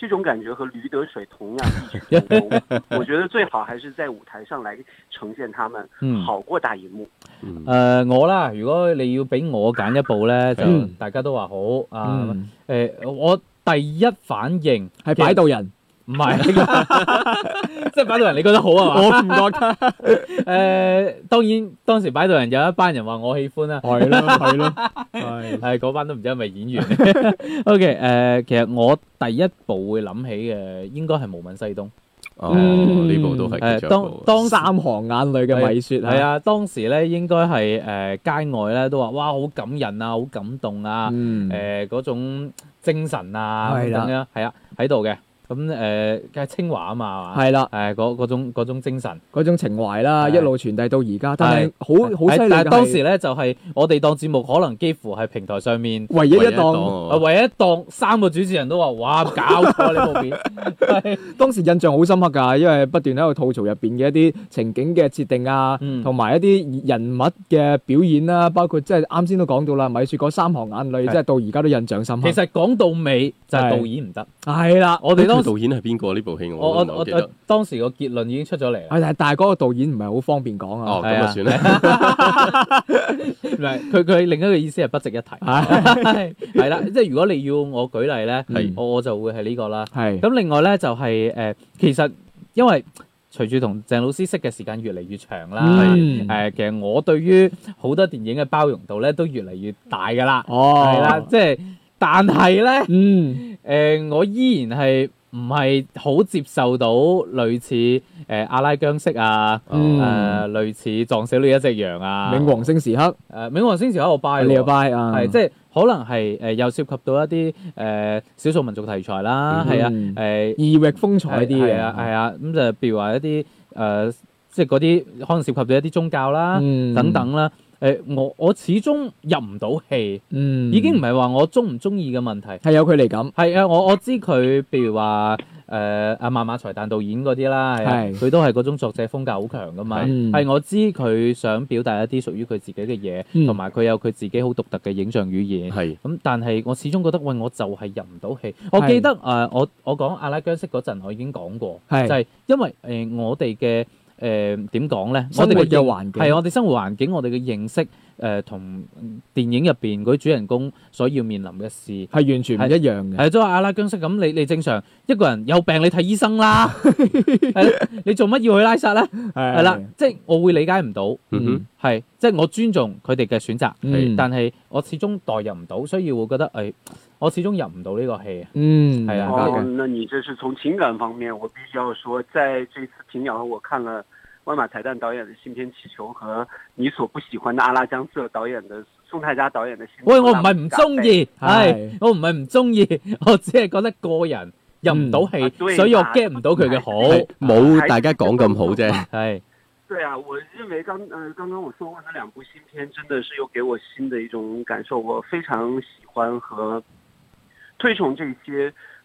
這種感覺和驢得水同樣 我覺得最好還是在舞台上來呈現他們，嗯、好過大熒幕。誒、嗯呃，我啦，如果你要俾我揀一部呢，啊、就大家都話好。誒、嗯啊呃，我第一反應係擺渡人。唔係，即係擺渡人，你覺得好啊？我唔覺得。誒，當然當時擺渡人有一班人話我喜歡啦。係囉，係囉，係係，嗰班都唔知係咪演員。OK，誒，其實我第一部會諗起嘅應該係無問西東。呢部都係誒。當當三行眼淚嘅米雪係啊，當時咧，應該係誒街外咧，都話，哇好感人啊，好感動啊，誒嗰種精神啊，咁樣係啊喺度嘅。咁誒，梗係清華啊嘛，係啦，誒，嗰嗰種嗰種精神、嗰種情懷啦，一路傳遞到而家，但係好好犀利。但係當時咧，就係我哋當節目可能幾乎係平台上面唯一一檔，唯一一檔三個主持人都話：「哇，搞錯呢部片！」當時印象好深刻㗎，因為不斷喺度吐槽入邊嘅一啲情景嘅設定啊，同埋一啲人物嘅表演啦，包括即係啱先都講到啦，米雪嗰三行眼淚，即係到而家都印象深刻。其實講到尾就係導演唔得，係啦，我哋都。導演係邊個？呢部戲我得我我，我當時個結論已經出咗嚟。係但係嗰個導演唔係好方便講啊。哦，咁啊算啦。唔係佢佢 另一個意思係不值一提。係啦，啊， 即係如果你要我舉例咧，是我我就會係呢個啦。係是。咁另外咧就係、是、誒、呃，其實因為隨住同鄭老師識嘅時間越嚟越長啦，誒、嗯呃，其實我對於好多電影嘅包容度咧都越嚟越大噶啦。哦。係啦，即係但係咧，嗯，誒、呃，我依然係。唔係好接受到類似誒、呃、阿拉姜式啊，誒、嗯呃、類似撞死你一隻羊啊，冥王星時刻誒冥、呃、王星時刻我拜你。我拜啊，係即係可能係誒、呃、又涉及到一啲誒少數民族題材啦，係啊誒異域風采啲嘢啊。係、呃、啊，咁就譬如話一啲誒、呃、即係嗰啲可能涉及到一啲宗教啦等等啦。嗯嗯誒，我我始終入唔到戲，嗯，已經唔係話我鍾唔鍾意嘅問題，係有距離感。係啊，我我知佢，譬如話誒阿萬瑪才旦導演嗰啲啦，係，佢都係嗰種作者風格好強㗎嘛，係我知佢想表達一啲屬於佢自己嘅嘢，同埋佢有佢自己好獨特嘅影像語言，係咁，但係我始終覺得，喂，我就係入唔到戲。我記得誒，我我講阿拉姜色嗰陣，我已經講過，就係因為誒我哋嘅。誒，點講咧？我哋嘅環境，係我哋生活環境，我哋嘅認識。誒，同電影入邊嗰啲主人公所要面臨嘅事係完全唔一樣嘅，係即係阿拉殭屍咁。你，你正常一個人有病，你睇醫生啦。係你做乜要去拉薩咧？係啦，即係我會理解唔到，嗯，係即係我尊重佢哋嘅選擇，但係我始終代入唔到，所以會覺得誒，我始終入唔到呢個戲。嗯，係啊。哦，嗯嗯、那你這是從情感方面，我必須要說，在這次平遙我看了。萬馬才旦導演的新片《氣球》和你所不喜歡的阿拉姜色導演的宋泰嘉導演的新片。喂，我唔係唔中意，係、嗯、我唔係唔中意，我只係覺得個人入唔到戲，嗯呃、所以我 get 唔到佢嘅好，冇是大家講咁好啫，係是。是對啊，我認為剛，呃，剛剛我說過那兩部新片，真的是又給我新的一種感受，我非常喜歡和推崇這些。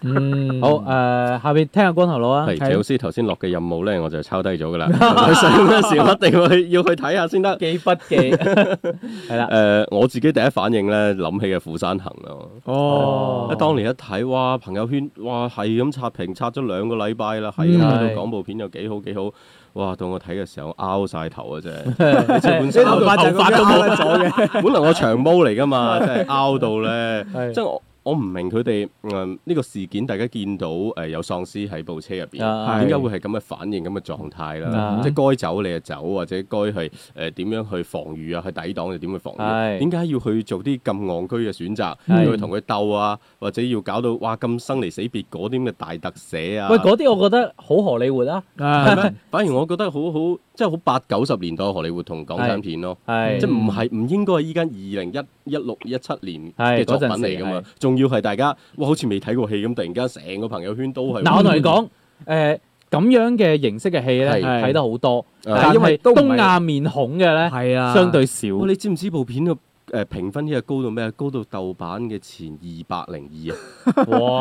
嗯，好誒，下、呃、面聽下光頭佬啊。係謝老師頭先落嘅任務咧，我就抄低咗噶啦。佢 上嗰時我一定去要去睇下先得。記筆記係啦。誒，我自己第一反應咧，諗起嘅釜山行咯。哦，當年一睇哇，朋友圈哇係咁刷屏，刷咗兩個禮拜啦。係啊，講、嗯、是部片又幾好幾好。哇，到我睇嘅時候，拗晒頭啊！啫，謝文生頭頭髮都冇咗嘅。本來我長毛嚟噶嘛，真係拗到咧。即係。 我唔明佢哋誒呢個事件，大家見到誒有喪屍喺部車入邊，點解會係咁嘅反應、咁嘅狀態啦？即係該走你就走，或者該係誒點樣去防禦啊？去抵擋就點去防禦？點解要去做啲咁戇居嘅選擇？要去同佢鬥啊？或者要搞到哇咁生離死別嗰啲咁嘅大特寫啊？喂，嗰啲我覺得好荷里活啦，係咪？反而我覺得好好，即係好八九十年代荷里活同港產片咯，即係唔係唔應該係依家二零一一六一七年嘅作品嚟㗎嘛？仲要係大家哇，好似未睇過戲咁，突然間成個朋友圈都係。嗱，我同你講，誒咁樣嘅形式嘅戲咧，睇得好多，但係因為東亞面孔嘅咧，係啊，相對少。哇！你知唔知部片嘅誒評分呢？高到咩？高到豆瓣嘅前二百零二啊！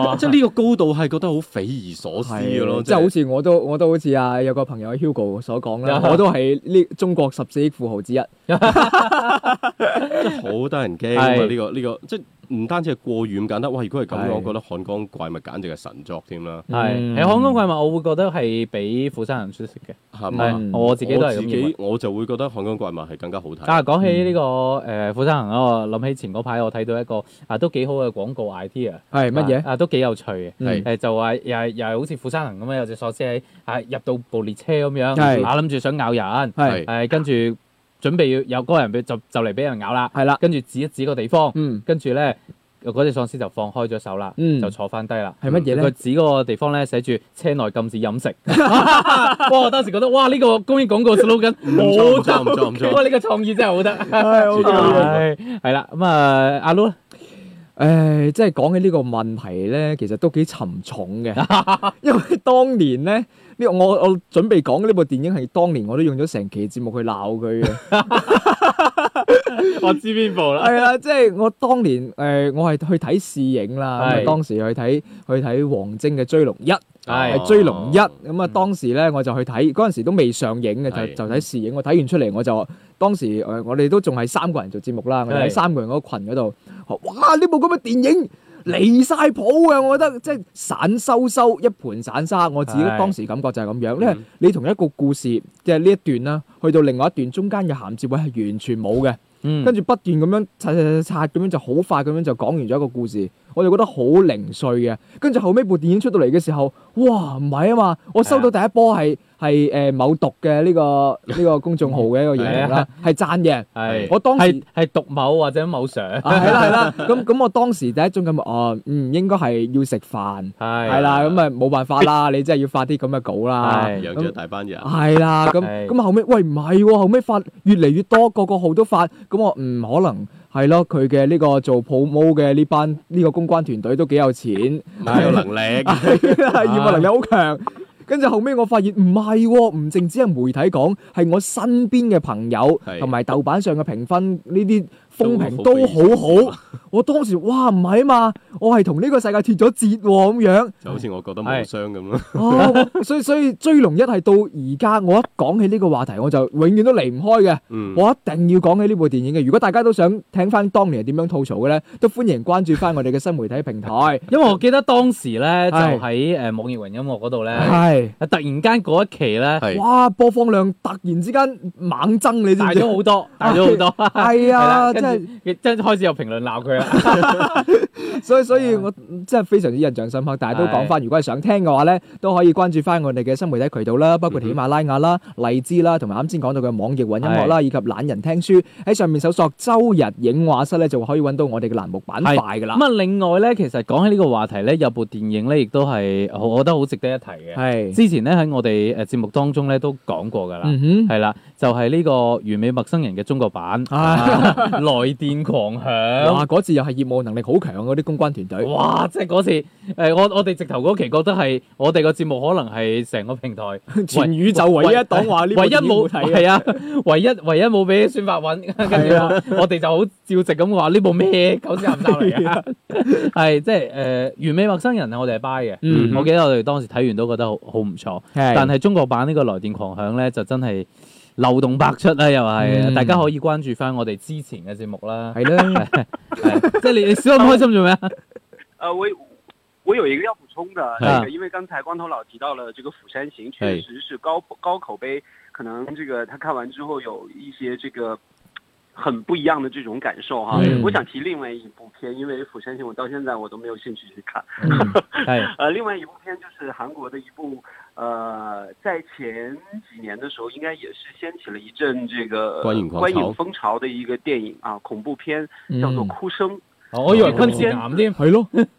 哇！即係呢個高度係覺得好匪夷所思嘅咯。即係好似我都我都好似啊，有個朋友 Hugo 所講啦，我都係呢中國十四億富豪之一。即係好得人驚啊！呢個呢個即係。唔單止係過遠咁簡單，哇！如果係咁，我覺得《漢江怪物》簡直係神作添啦。係，其實《漢江怪物》我會覺得係比《釜山行》出色嘅。係嘛？我自己都係咁認為。我自己我就會覺得《漢江怪物》係更加好睇。啊，講起呢個誒《釜山行》啊，諗起前嗰排我睇到一個啊都幾好嘅廣告 idea。係乜嘢？啊都幾有趣嘅。係就話又係又係好似《釜山行》咁樣，有隻喪屍喺啊入到部列車咁樣，啊諗住想咬人。係跟住。準備要有嗰個人俾就就嚟俾人咬啦，係啦，跟住指一指個地方，跟住咧嗰隻喪屍就放開咗手啦，就坐翻低啦。係乜嘢咧？佢指嗰個地方咧，寫住車內禁止飲食。哇！我當時覺得哇，呢個公益廣告 slogan 唔錯、唔錯、唔錯，哇！呢個創意真係好得，係好啦，咁啊，阿 Lo，誒，即係講起呢個問題咧，其實都幾沉重嘅，因為當年咧。我我準備講呢部電影係當年我都用咗成期節目去鬧佢嘅，我知邊部啦。係啊，即係我當年誒、呃，我係去睇試影啦。咁啊是，當時去睇去睇王晶嘅《追龍一》是，係《追龍一》嗯。咁啊、嗯，當時咧我就去睇，嗰陣時都未上映嘅，就就睇試影。是我睇完出嚟，我就當時誒，我哋都仲係三個人做節目啦，我哋喺三個人嗰個群嗰度，哇！呢部咁嘅電影。離晒譜啊，我覺得即係散收收一盤散沙。我自己當時感覺就係咁樣，的因為你同一個故事即係呢一段啦，去到另外一段中間嘅銜接位係完全冇嘅，的跟住不斷咁樣刷刷刷，擦咁樣就好快咁樣就講完咗一個故事。我就覺得好零碎嘅，跟住後尾部電影出到嚟嘅時候，哇唔係啊嘛！我收到第一波係係誒某讀嘅呢個呢、這個公眾號嘅一個嘢啦，係贊嘅。係、啊、我當時係讀某或者某 sir、 啊。係啦係啦。咁咁、啊、我當時第一種感覺啊，嗯應該係要食飯係啦，咁啊冇辦法啦， 你真係要發啲咁嘅稿啦、 啊，養著大班人係啦，咁咁後尾，喂唔係喎，後尾發越嚟越多，個個號都發，咁我唔可能。嗯嗯嗯嗯嗯嗯嗯嗯係咯，佢嘅呢個做 promo 嘅呢班呢、呢個公關團隊都幾有錢，有能力，業務的 能力好強。跟住、啊、後尾我發現唔係，唔淨止係媒體講，係我身邊嘅朋友同埋的豆瓣上嘅評分呢啲。風評都好好，我當時，哇，唔係啊嘛，我係同呢個世界脫咗節喎咁樣，就好似我覺得冇傷咁咯。所以所以追龍一係到而家，我一講起呢個話題，我就永遠都離唔開嘅。我一定要講起呢部電影嘅。如果大家都想聽翻當年係點樣吐槽嘅咧，都歡迎關注翻我哋嘅新媒體平台。因為我記得當時咧就喺誒網易雲音樂嗰度咧，係突然間嗰一期咧，哇，播放量突然之間猛增，你知大咗好多，大咗好多，係啊。真係，真開始有評論鬧佢啊！所以，所以我真係非常之印象深刻。但係都講翻，是如果係想聽嘅話咧，都可以關注翻我哋嘅新媒體渠道啦，包括喜馬拉雅啦、荔枝啦，同埋啱先講到嘅網易雲音樂啦，以及懶人聽書。喺上面搜索周日影畫室咧，就可以揾到我哋嘅欄目版塊㗎啦。咁啊，另外咧，其實講起呢個話題咧，有部電影咧，亦都係我覺得好值得一提嘅。係是之前咧喺我哋誒節目當中咧都講過㗎啦，係啦、嗯哼，就係、是、呢個完美陌生人嘅中國版。 啊來電狂響，哇！嗰次又係業務能力好強嗰啲公關團隊，哇！即係嗰次，誒、呃，我我哋直頭嗰期覺得係我哋個節目可能係成個平台 全宇宙唯一一檔話呢，唯一冇提係啊，唯一唯一冇俾算法搵， 跟住我哋就好照直咁話呢部咩狗屎爛臭嚟啊！係 即係誒、呃，完美陌生人啊，我哋係 buy 嘅，我記得我哋當時睇完都覺得好唔錯，好但係中國版呢個來電狂響咧，就真係。 漏洞百出啦、啊，又係，嗯、大家可以關注翻我哋之前嘅節目啦。係啦的，即係你你笑得咁開心做咩啊？啊，我我有一個要補充嘅、啊那個，因為剛才光頭佬提到了《這個釜山行》，確實是高是高口碑，可能這個他看完之後有一些這個很不一樣的這種感受哈、啊。嗯、我想提另外一部片，因為《釜山行》我到現在我都沒有興趣去看。啊、 呃，另外一部片就是韓國的一部。呃，在前幾年的時候，應該也是掀起了一陣這個觀影、觀影風潮的一個電影啊，恐怖片叫做《哭聲》，嗯、哦，我以為噤聲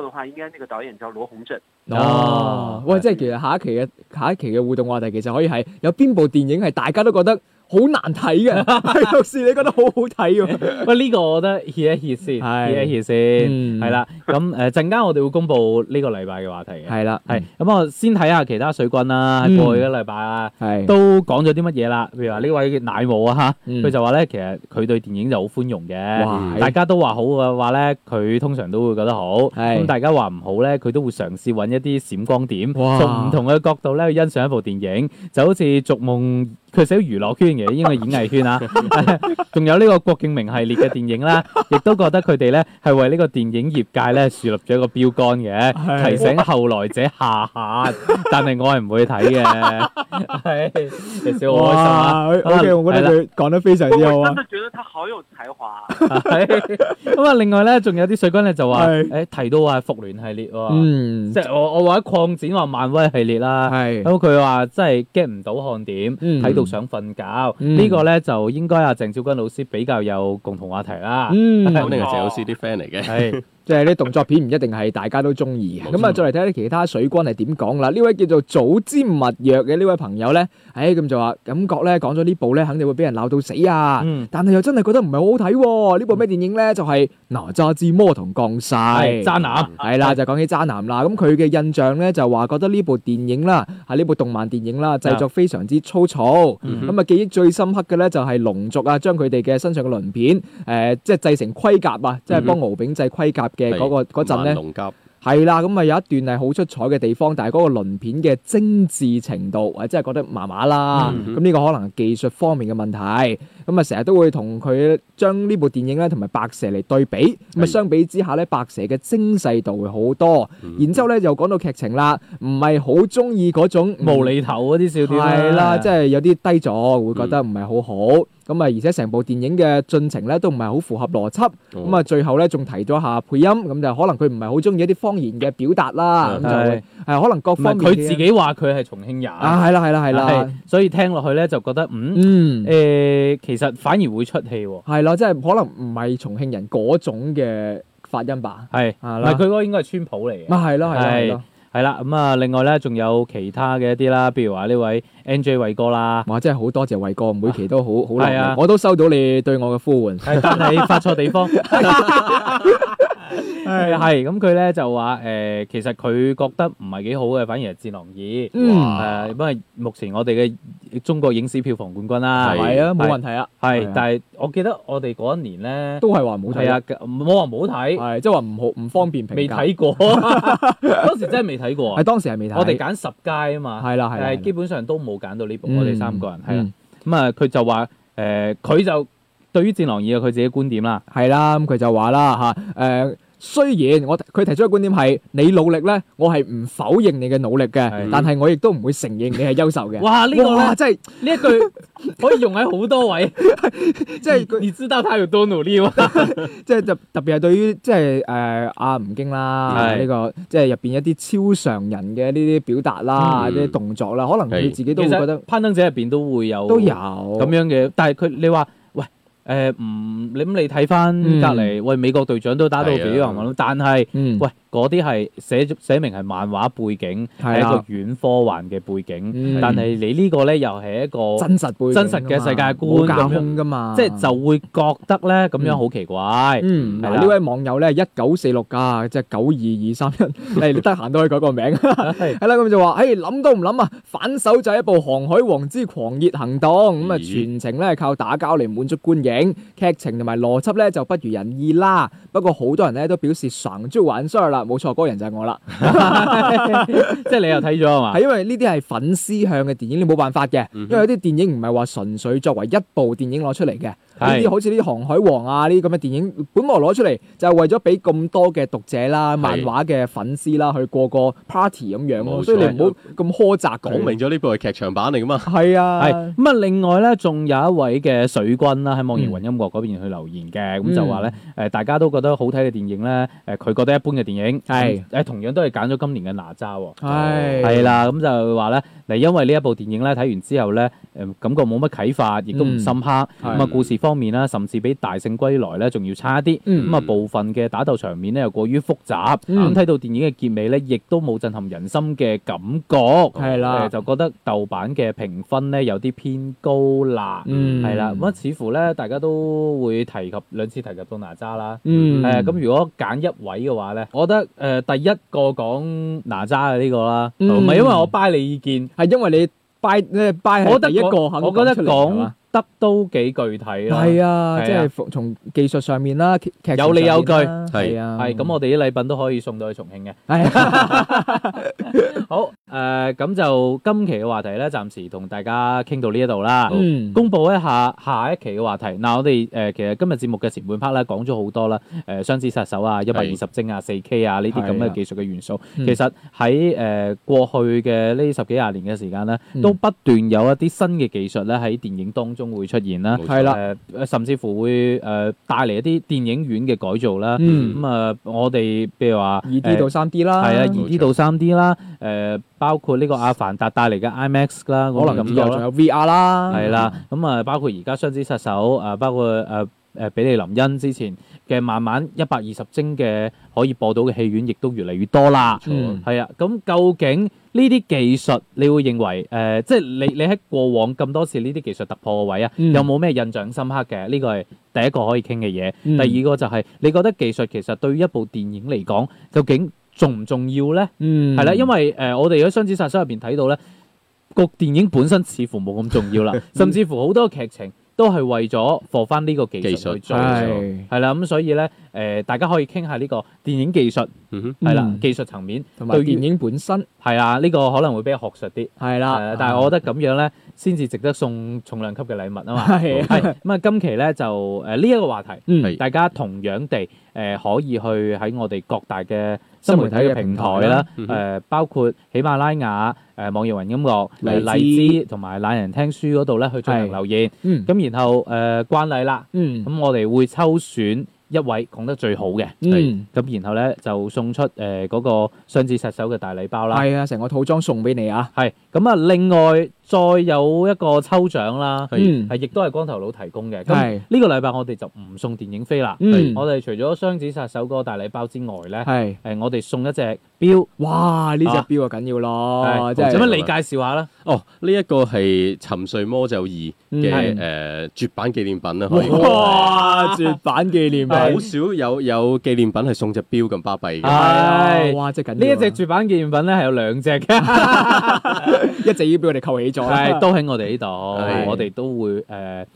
嘅話，應該那個導演叫羅紅振。哦，喂，即係其實下一期嘅下一期嘅互動話題，其實可以係有邊部電影係大家都覺得。好難睇嘅，有時你覺得好好睇喎。喂，呢個我覺得 heat 一 heat 先，heat 一 heat 先，係啦。咁誒陣間我哋會公布呢個禮拜嘅話題嘅。係啦，係。咁我先睇下其他水軍啦。過去一禮拜啊，都講咗啲乜嘢啦？譬如話呢位奶母啊，嚇，佢就話咧，其實佢對電影就好寬容嘅。大家都話好嘅話咧，佢通常都會覺得好。咁大家話唔好咧，佢都會嘗試揾一啲閃光點，從唔同嘅角度咧去欣賞一部電影，就好似《逐夢》。佢寫娛樂圈嘅，應該演藝圈啊，仲有呢個郭敬明系列嘅電影啦，亦都覺得佢哋咧係為呢個電影業界咧樹立咗一個標杆嘅，提醒後來者下下。但係我係唔會睇嘅，係少我開心啦。O.K. 係啦，講得非常之好。我真係覺得他好有才華。咁啊，另外咧，仲有啲水軍咧就話，誒提到話復聯系列喎，即係我我話啲擴展話漫威系列啦，咁佢話真係 get 唔到看點，喺度。想瞓覺呢、嗯、個呢，就應該阿鄭少君老師比較有共同話題啦。肯定係鄭老師啲 friend 嚟嘅。即係啲動作片唔一定係大家都中意嘅，咁啊再嚟睇下啲其他水軍係點講啦？呢位叫做早知密約嘅呢位朋友咧，誒、哎、咁就話感覺咧講咗呢講部咧，肯定會俾人鬧到死啊！嗯、但係又真係覺得唔係好好睇喎？呢部咩電影咧？嗯、就係哪吒之魔童降世、啊。渣男係啦，就講起渣男啦，咁佢嘅印象咧就話覺得呢部電影啦，係呢部動漫電影啦，製作非常之粗糙。咁啊記憶最深刻嘅咧就係龍族啊，將佢哋嘅身上嘅鱗片誒、呃、即係製成盔甲啊，嗯、哼即係幫敖丙製盔甲。嘅嗰個嗰陣咧，係啦，咁啊有一段係好出彩嘅地方，但係嗰個輪片嘅精緻程度，誒真係覺得麻麻啦。咁呢個可能係技術方面嘅問題。咁啊成日都會同佢將呢部電影咧同埋《白蛇》嚟對比，咁啊相比之下咧，《白蛇》嘅精細度會好多。然之後咧又講到劇情啦，唔係好中意嗰種無厘頭嗰啲笑點啦，即係有啲低咗，會覺得唔係好好。咁啊，而且成部電影嘅進程咧都唔係好符合邏輯，咁啊最後咧仲提咗下配音，咁就可能佢唔係好中意一啲方言嘅表達啦，就係可能各方佢自己話佢係重慶人啊，係啦係啦係啦，所以聽落去咧就覺得嗯，誒其實反而會出戲喎，係咯，即係可能唔係重慶人嗰種嘅發音吧，係，唔係佢嗰個應該係川普嚟，咪係咯係咯。係啦，咁啊、嗯，另外咧，仲有其他嘅一啲啦，譬如話呢位 NJ 衛哥啦，哇，真係好多謝衛哥，每期都好好嚟，我都收到你對我嘅呼喚，但係發錯地方。 係，咁佢咧就話誒，其實佢覺得唔係幾好嘅，反而係《戰狼二》，嗯，誒，不過目前我哋嘅中國影視票房冠軍啦，係啊，冇問題啊，係。但係我記得我哋嗰一年咧，都係話冇睇啊，冇話唔好睇，係即係話唔好唔方便，未睇過，當時真係未睇過啊，係當時係未睇，我哋揀十佳啊嘛，係啦係，基本上都冇揀到呢部，我哋三個人係啦，咁啊，佢就話誒，佢就。對於戰狼二佢自己觀點啦，係啦、啊，咁、嗯、佢就話啦嚇，誒、啊、雖然我佢提出嘅觀點係你努力咧，我係唔否認你嘅努力嘅，的但係我亦都唔會承認你係優秀嘅。哇！這個、呢個咧，即係呢一句可以用喺好多位，即係、 就是、你知道他有多努力。即係、 就是、就特別係對於即係誒阿吳京啦，呢的、這個即係入邊一啲超常人嘅呢啲表達啦、啲、嗯、動作啦，可能佢自己的都會覺得攀登者入邊都會有都有咁樣嘅，但係佢你話。誒唔、呃，你睇翻隔離，嗯、喂美國隊長都打到幾樣，但係，喂。嗰啲係寫咗寫明係漫畫背景，係一個軟科幻嘅背景，但係你呢個咧又係一個真實真實嘅世界觀架空噶嘛，即係就會覺得咧咁樣好奇怪。嗯，係呢位網友咧一九四六噶，即係九二二三一，你得閒都可以改個名。係啦，咁就話誒諗都唔諗啊，反手就一部《航海王之狂熱行動》，咁啊全程咧靠打交嚟滿足觀影劇情同埋邏輯咧就不如人意啦。不過好多人咧都表示神珠玩衰啦。冇錯，嗰個人就係我啦， 即係你又睇咗係嘛？係 因為呢啲係粉絲向嘅電影，你冇辦法嘅，因為有啲電影唔係話純粹作為一部電影攞出嚟嘅。呢啲好似啲航海王啊，呢啲咁嘅電影本來攞出嚟就係為咗俾咁多嘅讀者啦、漫畫嘅粉絲啦去過個 party 咁樣，所以你唔好咁苛責，講明咗呢部係劇場版嚟噶嘛？係啊，係咁啊。另外咧，仲有一位嘅水軍啦，喺網易雲音樂嗰邊去留言嘅，咁就話咧，誒，大家都覺得好睇嘅電影咧，誒，佢覺得一般嘅電影係，誒，同樣都係揀咗今年嘅哪吒喎。係係啦，咁就話咧，嗱，因為呢一部電影咧睇完之後咧，誒，感覺冇乜啟發，亦都唔深刻，咁啊，故事方。方面啦，甚至比《大聖歸來》咧仲要差啲。咁啊、嗯，部分嘅打鬥場面咧又過於複雜。咁睇、嗯、到電影嘅結尾咧，亦都冇震撼人心嘅感覺。係啦的、呃，就覺得豆瓣嘅評分咧有啲偏高啦。係啦、嗯，咁啊，似乎咧大家都會提及兩次提及到哪吒啦。誒、嗯，咁如果揀一位嘅話咧，我覺得誒第一個講哪吒嘅、這、呢個啦，唔係、嗯、因為我拜你意見，係因為你拜、呃、拜係第一個肯我覺得講。得都幾具體啦，係啊，即係從技術上面啦，其實有理有據，係啊，係咁，我哋啲禮品都可以送到去重慶嘅。好，誒咁就今期嘅話題咧，暫時同大家傾到呢一度啦。嗯，公佈一下下一期嘅話題。嗱，我哋誒其實今日節目嘅前半 part 咧講咗好多啦，誒雙子殺手啊、一百二十幀啊、四 K 啊呢啲咁嘅技術嘅元素，其實喺誒過去嘅呢十幾廿年嘅時間咧，都不斷有一啲新嘅技術咧喺電影當中中會出現啦，係啦錯、呃，甚至乎會誒、呃、帶嚟一啲電影院嘅改造啦。咁啊、嗯嗯呃，我哋譬如話二 D 到三 D 啦，係啊、呃，二 D 到三 D 啦，誒包括呢個阿凡達帶嚟嘅 IMAX 啦，可能又仲有 VR 啦，係、嗯、啦，咁、呃、啊包括而家雙子殺手啊、呃，包括誒。呃誒、呃、比利林恩之前嘅慢慢一百二十幀嘅可以播到嘅戲院，亦都越嚟越多啦、嗯。係啊，咁究竟呢啲技術，你會認為誒、呃，即係你你喺過往咁多次呢啲技術突破嘅位啊，嗯、有冇咩印象深刻嘅？呢、呢個係第一個可以傾嘅嘢。嗯、第二個就係你覺得技術其實對於一部電影嚟講，究竟重唔重要咧？係啦、嗯啊，因為誒、呃、我哋喺雙子殺手入邊睇到呢個電影本身似乎冇咁重要啦，嗯嗯、甚至乎好多劇情。都係為咗放返呢個技術去追，係啦咁術是，所以咧誒、呃，大家可以傾下呢個電影技術，係啦、嗯、哼技術層面同埋對電影本身係啊，呢、這個可能會比較學術啲，係啦的、呃。但係我覺得咁樣呢，先至值得送重量級嘅禮物啊嘛。係咁啊，今期呢，就誒呢一個話題，大家同樣地誒、呃、可以去喺我哋各大嘅。新媒體嘅平台啦，誒、嗯、哼包括喜馬拉雅、誒網易雲音樂、荔荔枝同埋懶人聽書嗰度咧，去進行留言，咁、嗯、然後誒、呃、關禮啦，咁、嗯、我哋會抽選一位講得最好嘅，咁、嗯、然後咧就送出誒嗰、呃那個雙子殺手嘅大禮包啦，係啊，成個套裝送俾你啊，係。咁啊，另外再有一個抽獎啦，係亦都係光頭佬提供嘅。咁呢個禮拜我哋就唔送電影飛啦。我哋除咗雙子殺手個大禮包之外呢，係誒我哋送一隻錶。哇！呢隻錶啊緊要咯，即係。做乜你介紹下啦？哦，呢一個係《沉睡魔咒二》嘅誒絕版紀念品啊。哇！絕版紀念品，好少有有紀念品係送隻錶咁巴閉嘅。係哇！真係緊要。呢一隻絕版紀念品呢係有兩隻嘅。 一直要俾我哋扣起咗，係都喺我哋呢度，的我哋都會誒。呃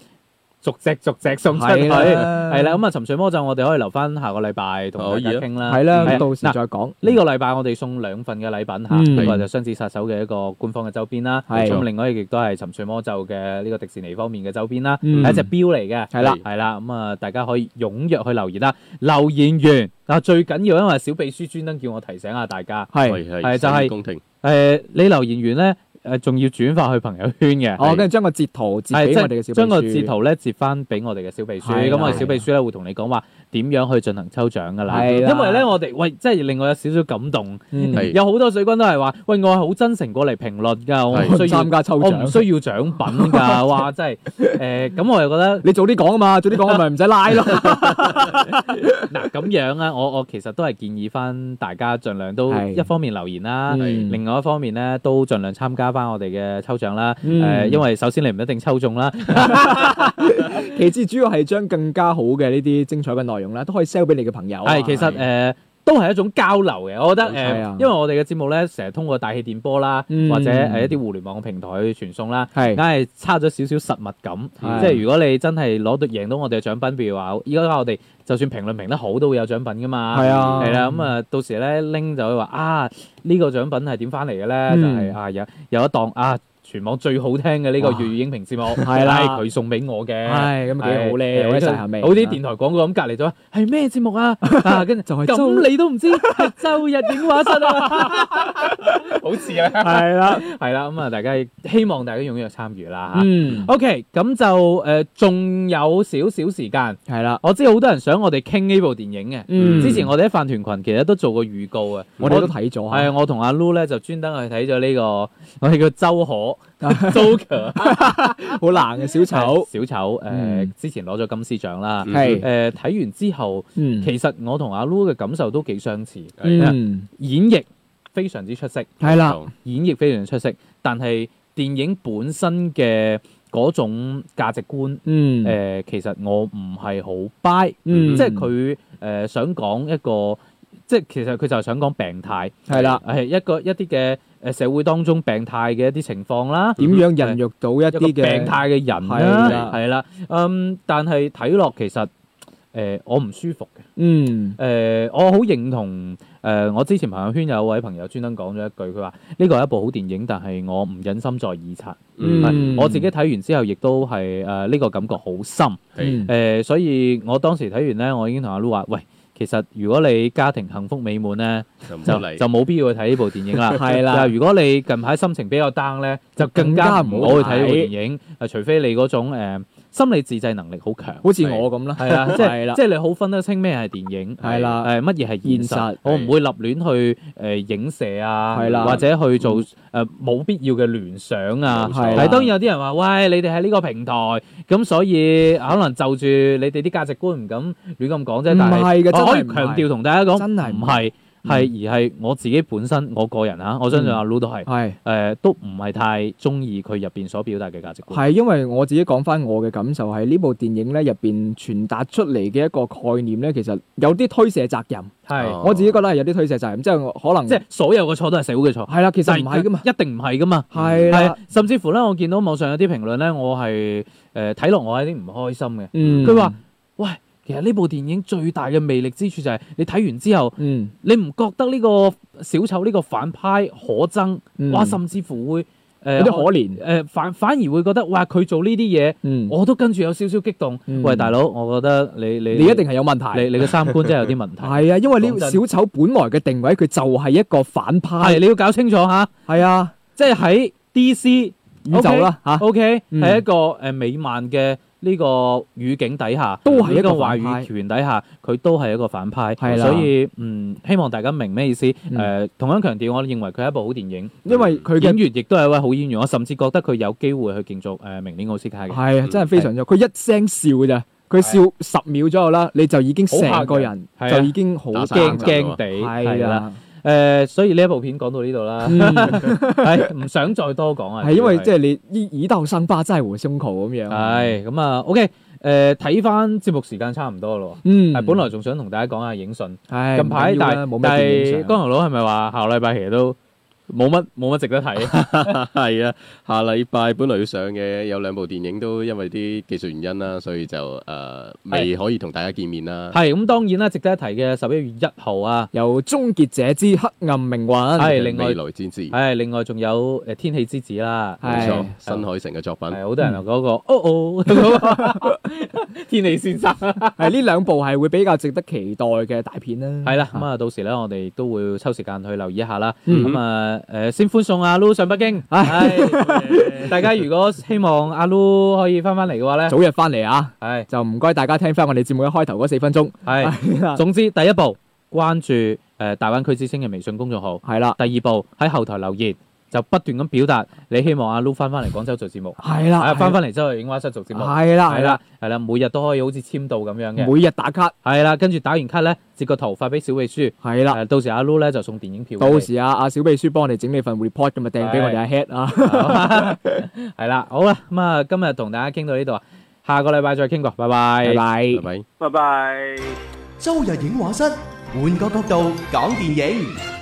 逐隻逐隻送出，係啦，係啦，咁啊《沉睡魔咒》我哋可以留翻下個禮拜同大家傾啦，係啦，到時再講。呢個禮拜我哋送兩份嘅禮品吓，一個就雙子殺手嘅一個官方嘅周邊啦，係咁，另外亦都係《沉睡魔咒》嘅呢個迪士尼方面嘅周邊啦，係一隻錶嚟嘅，係啦，係啦，咁啊大家可以踴躍去留言啦。留言完嗱，最緊要因為小秘書專登叫我提醒下大家，係係就係誒，你留言完咧。誒仲要轉發去朋友圈嘅，哦，跟住係將個截圖自己，係即係將個截圖咧截翻俾我哋嘅小秘書，咁我哋小秘書咧會同你講話點樣去進行抽獎㗎啦？係啦的，因為咧，我哋喂，即係令我有少少感動，嗯、有好多水軍都係話：喂，我係好真誠過嚟評論㗎，我唔需要參加抽獎，唔需要獎品㗎。 哇！即係誒，咁、呃、我又覺得你早啲講啊嘛，早啲講我咪唔使拉咯。嗱，咁樣啊，我我其實都係建議翻大家盡量都一方面留言啦，嗯、另外一方面咧都盡量參加翻我哋嘅抽獎啦。誒、嗯，因為首先你唔一定抽中啦， 其次主要係將更加好嘅呢啲精彩嘅內容啦，都可以 sell 俾你嘅朋友，啊。係，其實誒的、呃、都係一種交流嘅。我覺得誒的、呃，因為我哋嘅節目咧，成日通過大氣電波啦，嗯、或者係一啲互聯網嘅平台去傳送啦，梗係的差咗少少實物感。的即係如果你真係攞到贏到我哋嘅獎品，譬如話依家我哋就算評論評得好都會有獎品噶嘛。係啊的，係啦，咁啊到時咧拎，就會話啊呢個獎品係點翻嚟嘅咧？就係啊有有一檔啊。嗯嗯嗯嗯全網最好聽嘅呢個粵語影評節目，係啦，佢送俾我嘅，係咁啊幾好咧，好啲電台廣告咁隔離咗，係咩節目啊？跟住就係咁，你都唔知，周日影畫室啊，好似啊！係啦，係啦，咁啊，大家希望大家踴躍參與啦嚇。OK，咁就誒，仲有少少時間，係啦，我知好多人想我哋傾呢部電影嘅，之前我哋喺飯團群其實都做過預告啊，我哋都睇咗，係我同阿 Loo 咧就專登去睇咗呢個，我哋叫周可。蘇強，好難嘅小丑，小丑，誒、呃，之前攞咗金獅獎啦，係、嗯，誒、呃，睇完之後，嗯、其實我同阿 Lu 嘅感受都幾相似，嗯、演繹非常之出色，係啦、嗯，演繹非常出色，但係電影本身嘅嗰種價值觀，嗯，誒、呃，其實我唔係好 buy，即係佢，誒、呃，想講一個，即係其實佢就係想講病態，係啦、嗯，係、嗯、一個一啲嘅。誒社會當中病態嘅一啲情況啦，點樣孕育到一啲病態嘅人咧？係啦，嗯，但係睇落其實誒我唔舒服嘅。嗯，誒我好認同誒我之前朋友圈有一位朋友專登講咗一句，佢話呢個係一部好電影，但係我唔忍心再二刷。嗯，我自己睇完之後，亦都係誒呢個感覺好深。係，誒所以我當時睇完咧，我已經同阿 Lucy 話：「喂。」其實如果你家庭幸福美滿呢，就就冇必要去睇呢部電影啦。係啦，如果你近排心情比較 down 呢，就更加唔好去睇呢部電影。誒，除非你嗰種、呃心理自制能力好強，好似我咁啦，係啦的， 即係即係你好分得清咩係電影，係啦的，誒乜嘢係現實，現實我唔會立亂去誒、呃、影射啊，係啦的，或者去做誒冇、嗯呃、必要嘅聯想啊，係的，係當然有啲人話，喂，你哋喺呢個平台，咁所以可能就住你哋啲價值觀唔敢亂咁講啫，但係，唔係嘅，可以唔係，強調同大家講，真係唔係。係、嗯、而係我自己本身我個人嚇，嗯、我相信阿 Lu 都係，係是、呃、都唔係太中意佢入邊所表達嘅價值觀。係因為我自己講翻我嘅感受，係呢部電影咧入邊傳達出嚟嘅一個概念咧，其實有啲推卸責任。係是我自己覺得係有啲推卸責任，即係可能即係所有嘅錯都係社會嘅錯。係啦，其實唔係噶嘛，一定唔係噶嘛。係啦的的，甚至乎咧，我見到網上有啲評論咧，我係誒睇落我係啲唔開心嘅。佢話、嗯嗯、喂。其實呢部電影最大嘅魅力之處就係你睇完之後，你唔覺得呢個小丑呢個反派可憎，哇，甚至乎會有啲可憐，誒反反而會覺得，哇，佢做呢啲嘢，我都跟住有少少激動。喂，大佬，我覺得你你一定係有問題，你你嘅三觀真係有啲問題。係啊，因為呢個小丑本來嘅定位，佢就係一個反派。係你要搞清楚嚇。係啊，即係喺 DC 宇宙啦嚇。OK 係一個誒美漫嘅。呢個語境底下，都係一個話語權底下，佢都係一個反派。係所以嗯，希望大家明咩意思。誒，同樣強調，我認為佢係一部好電影，因為佢演員亦都係一位好演員。我甚至覺得佢有機會去競逐誒明年奧斯卡。嘅。係啊，真係非常之。佢一聲笑㗎啫，佢笑十秒左右啦，你就已經成個人就已經好驚驚地係啦。誒、呃，所以呢一部片講到呢度啦，係唔、嗯、 想再多講啊，係、 就是、因為即係你以豆生花，真係互相咁樣。係咁啊，OK，誒、呃，睇翻節目時間差唔多咯，嗯，係，本來仲想同大家講下影訊，係唉近排，但係但係光頭佬係咪話下個禮拜其實都？冇乜冇乜值得睇，係啊！下禮拜本來要上嘅，有兩部電影都因為啲技術原因啦，所以就誒未可以同大家見面啦。係咁，當然啦，值得一提嘅十一月一號啊，有《終結者之黑暗命運》，係《未來戰士》，係另外仲有誒《天氣之子》啦，冇錯，新海誠嘅作品，係好多人話嗰個哦哦天氣先生，係呢兩部係會比較值得期待嘅大片啦。係啦，咁啊，到時咧我哋都會抽時間去留意一下啦。咁啊。誒，先歡送阿 Lu 上北京。係，大家如果希望阿 Lu 可以翻翻嚟嘅話咧， 早日翻嚟啊！係， 就唔該大家聽翻我哋節目一開頭嗰四分鐘。係，總之第一步關注誒、呃、大灣區之星嘅微信公眾號。係啦， 第二步喺後台留言。就不斷咁表達，你希望阿 Lu 翻翻嚟廣州做節目，係啦，翻翻嚟周去影畫室做節目，係啦，係啦，係啦，每日都可以好似簽到咁樣嘅，每日打卡，係啦，跟住打完卡咧，截個圖發俾小秘書，係啦，到時阿 Lu 咧就送電影票，到時阿阿小秘書幫我哋整理份 report 咁咪掟俾我哋阿 Head 啊，係啦，好啦，咁啊今日同大家傾到呢度啊，下個禮拜再傾過，拜拜，拜拜，拜拜，週日影畫室換個角度講電影。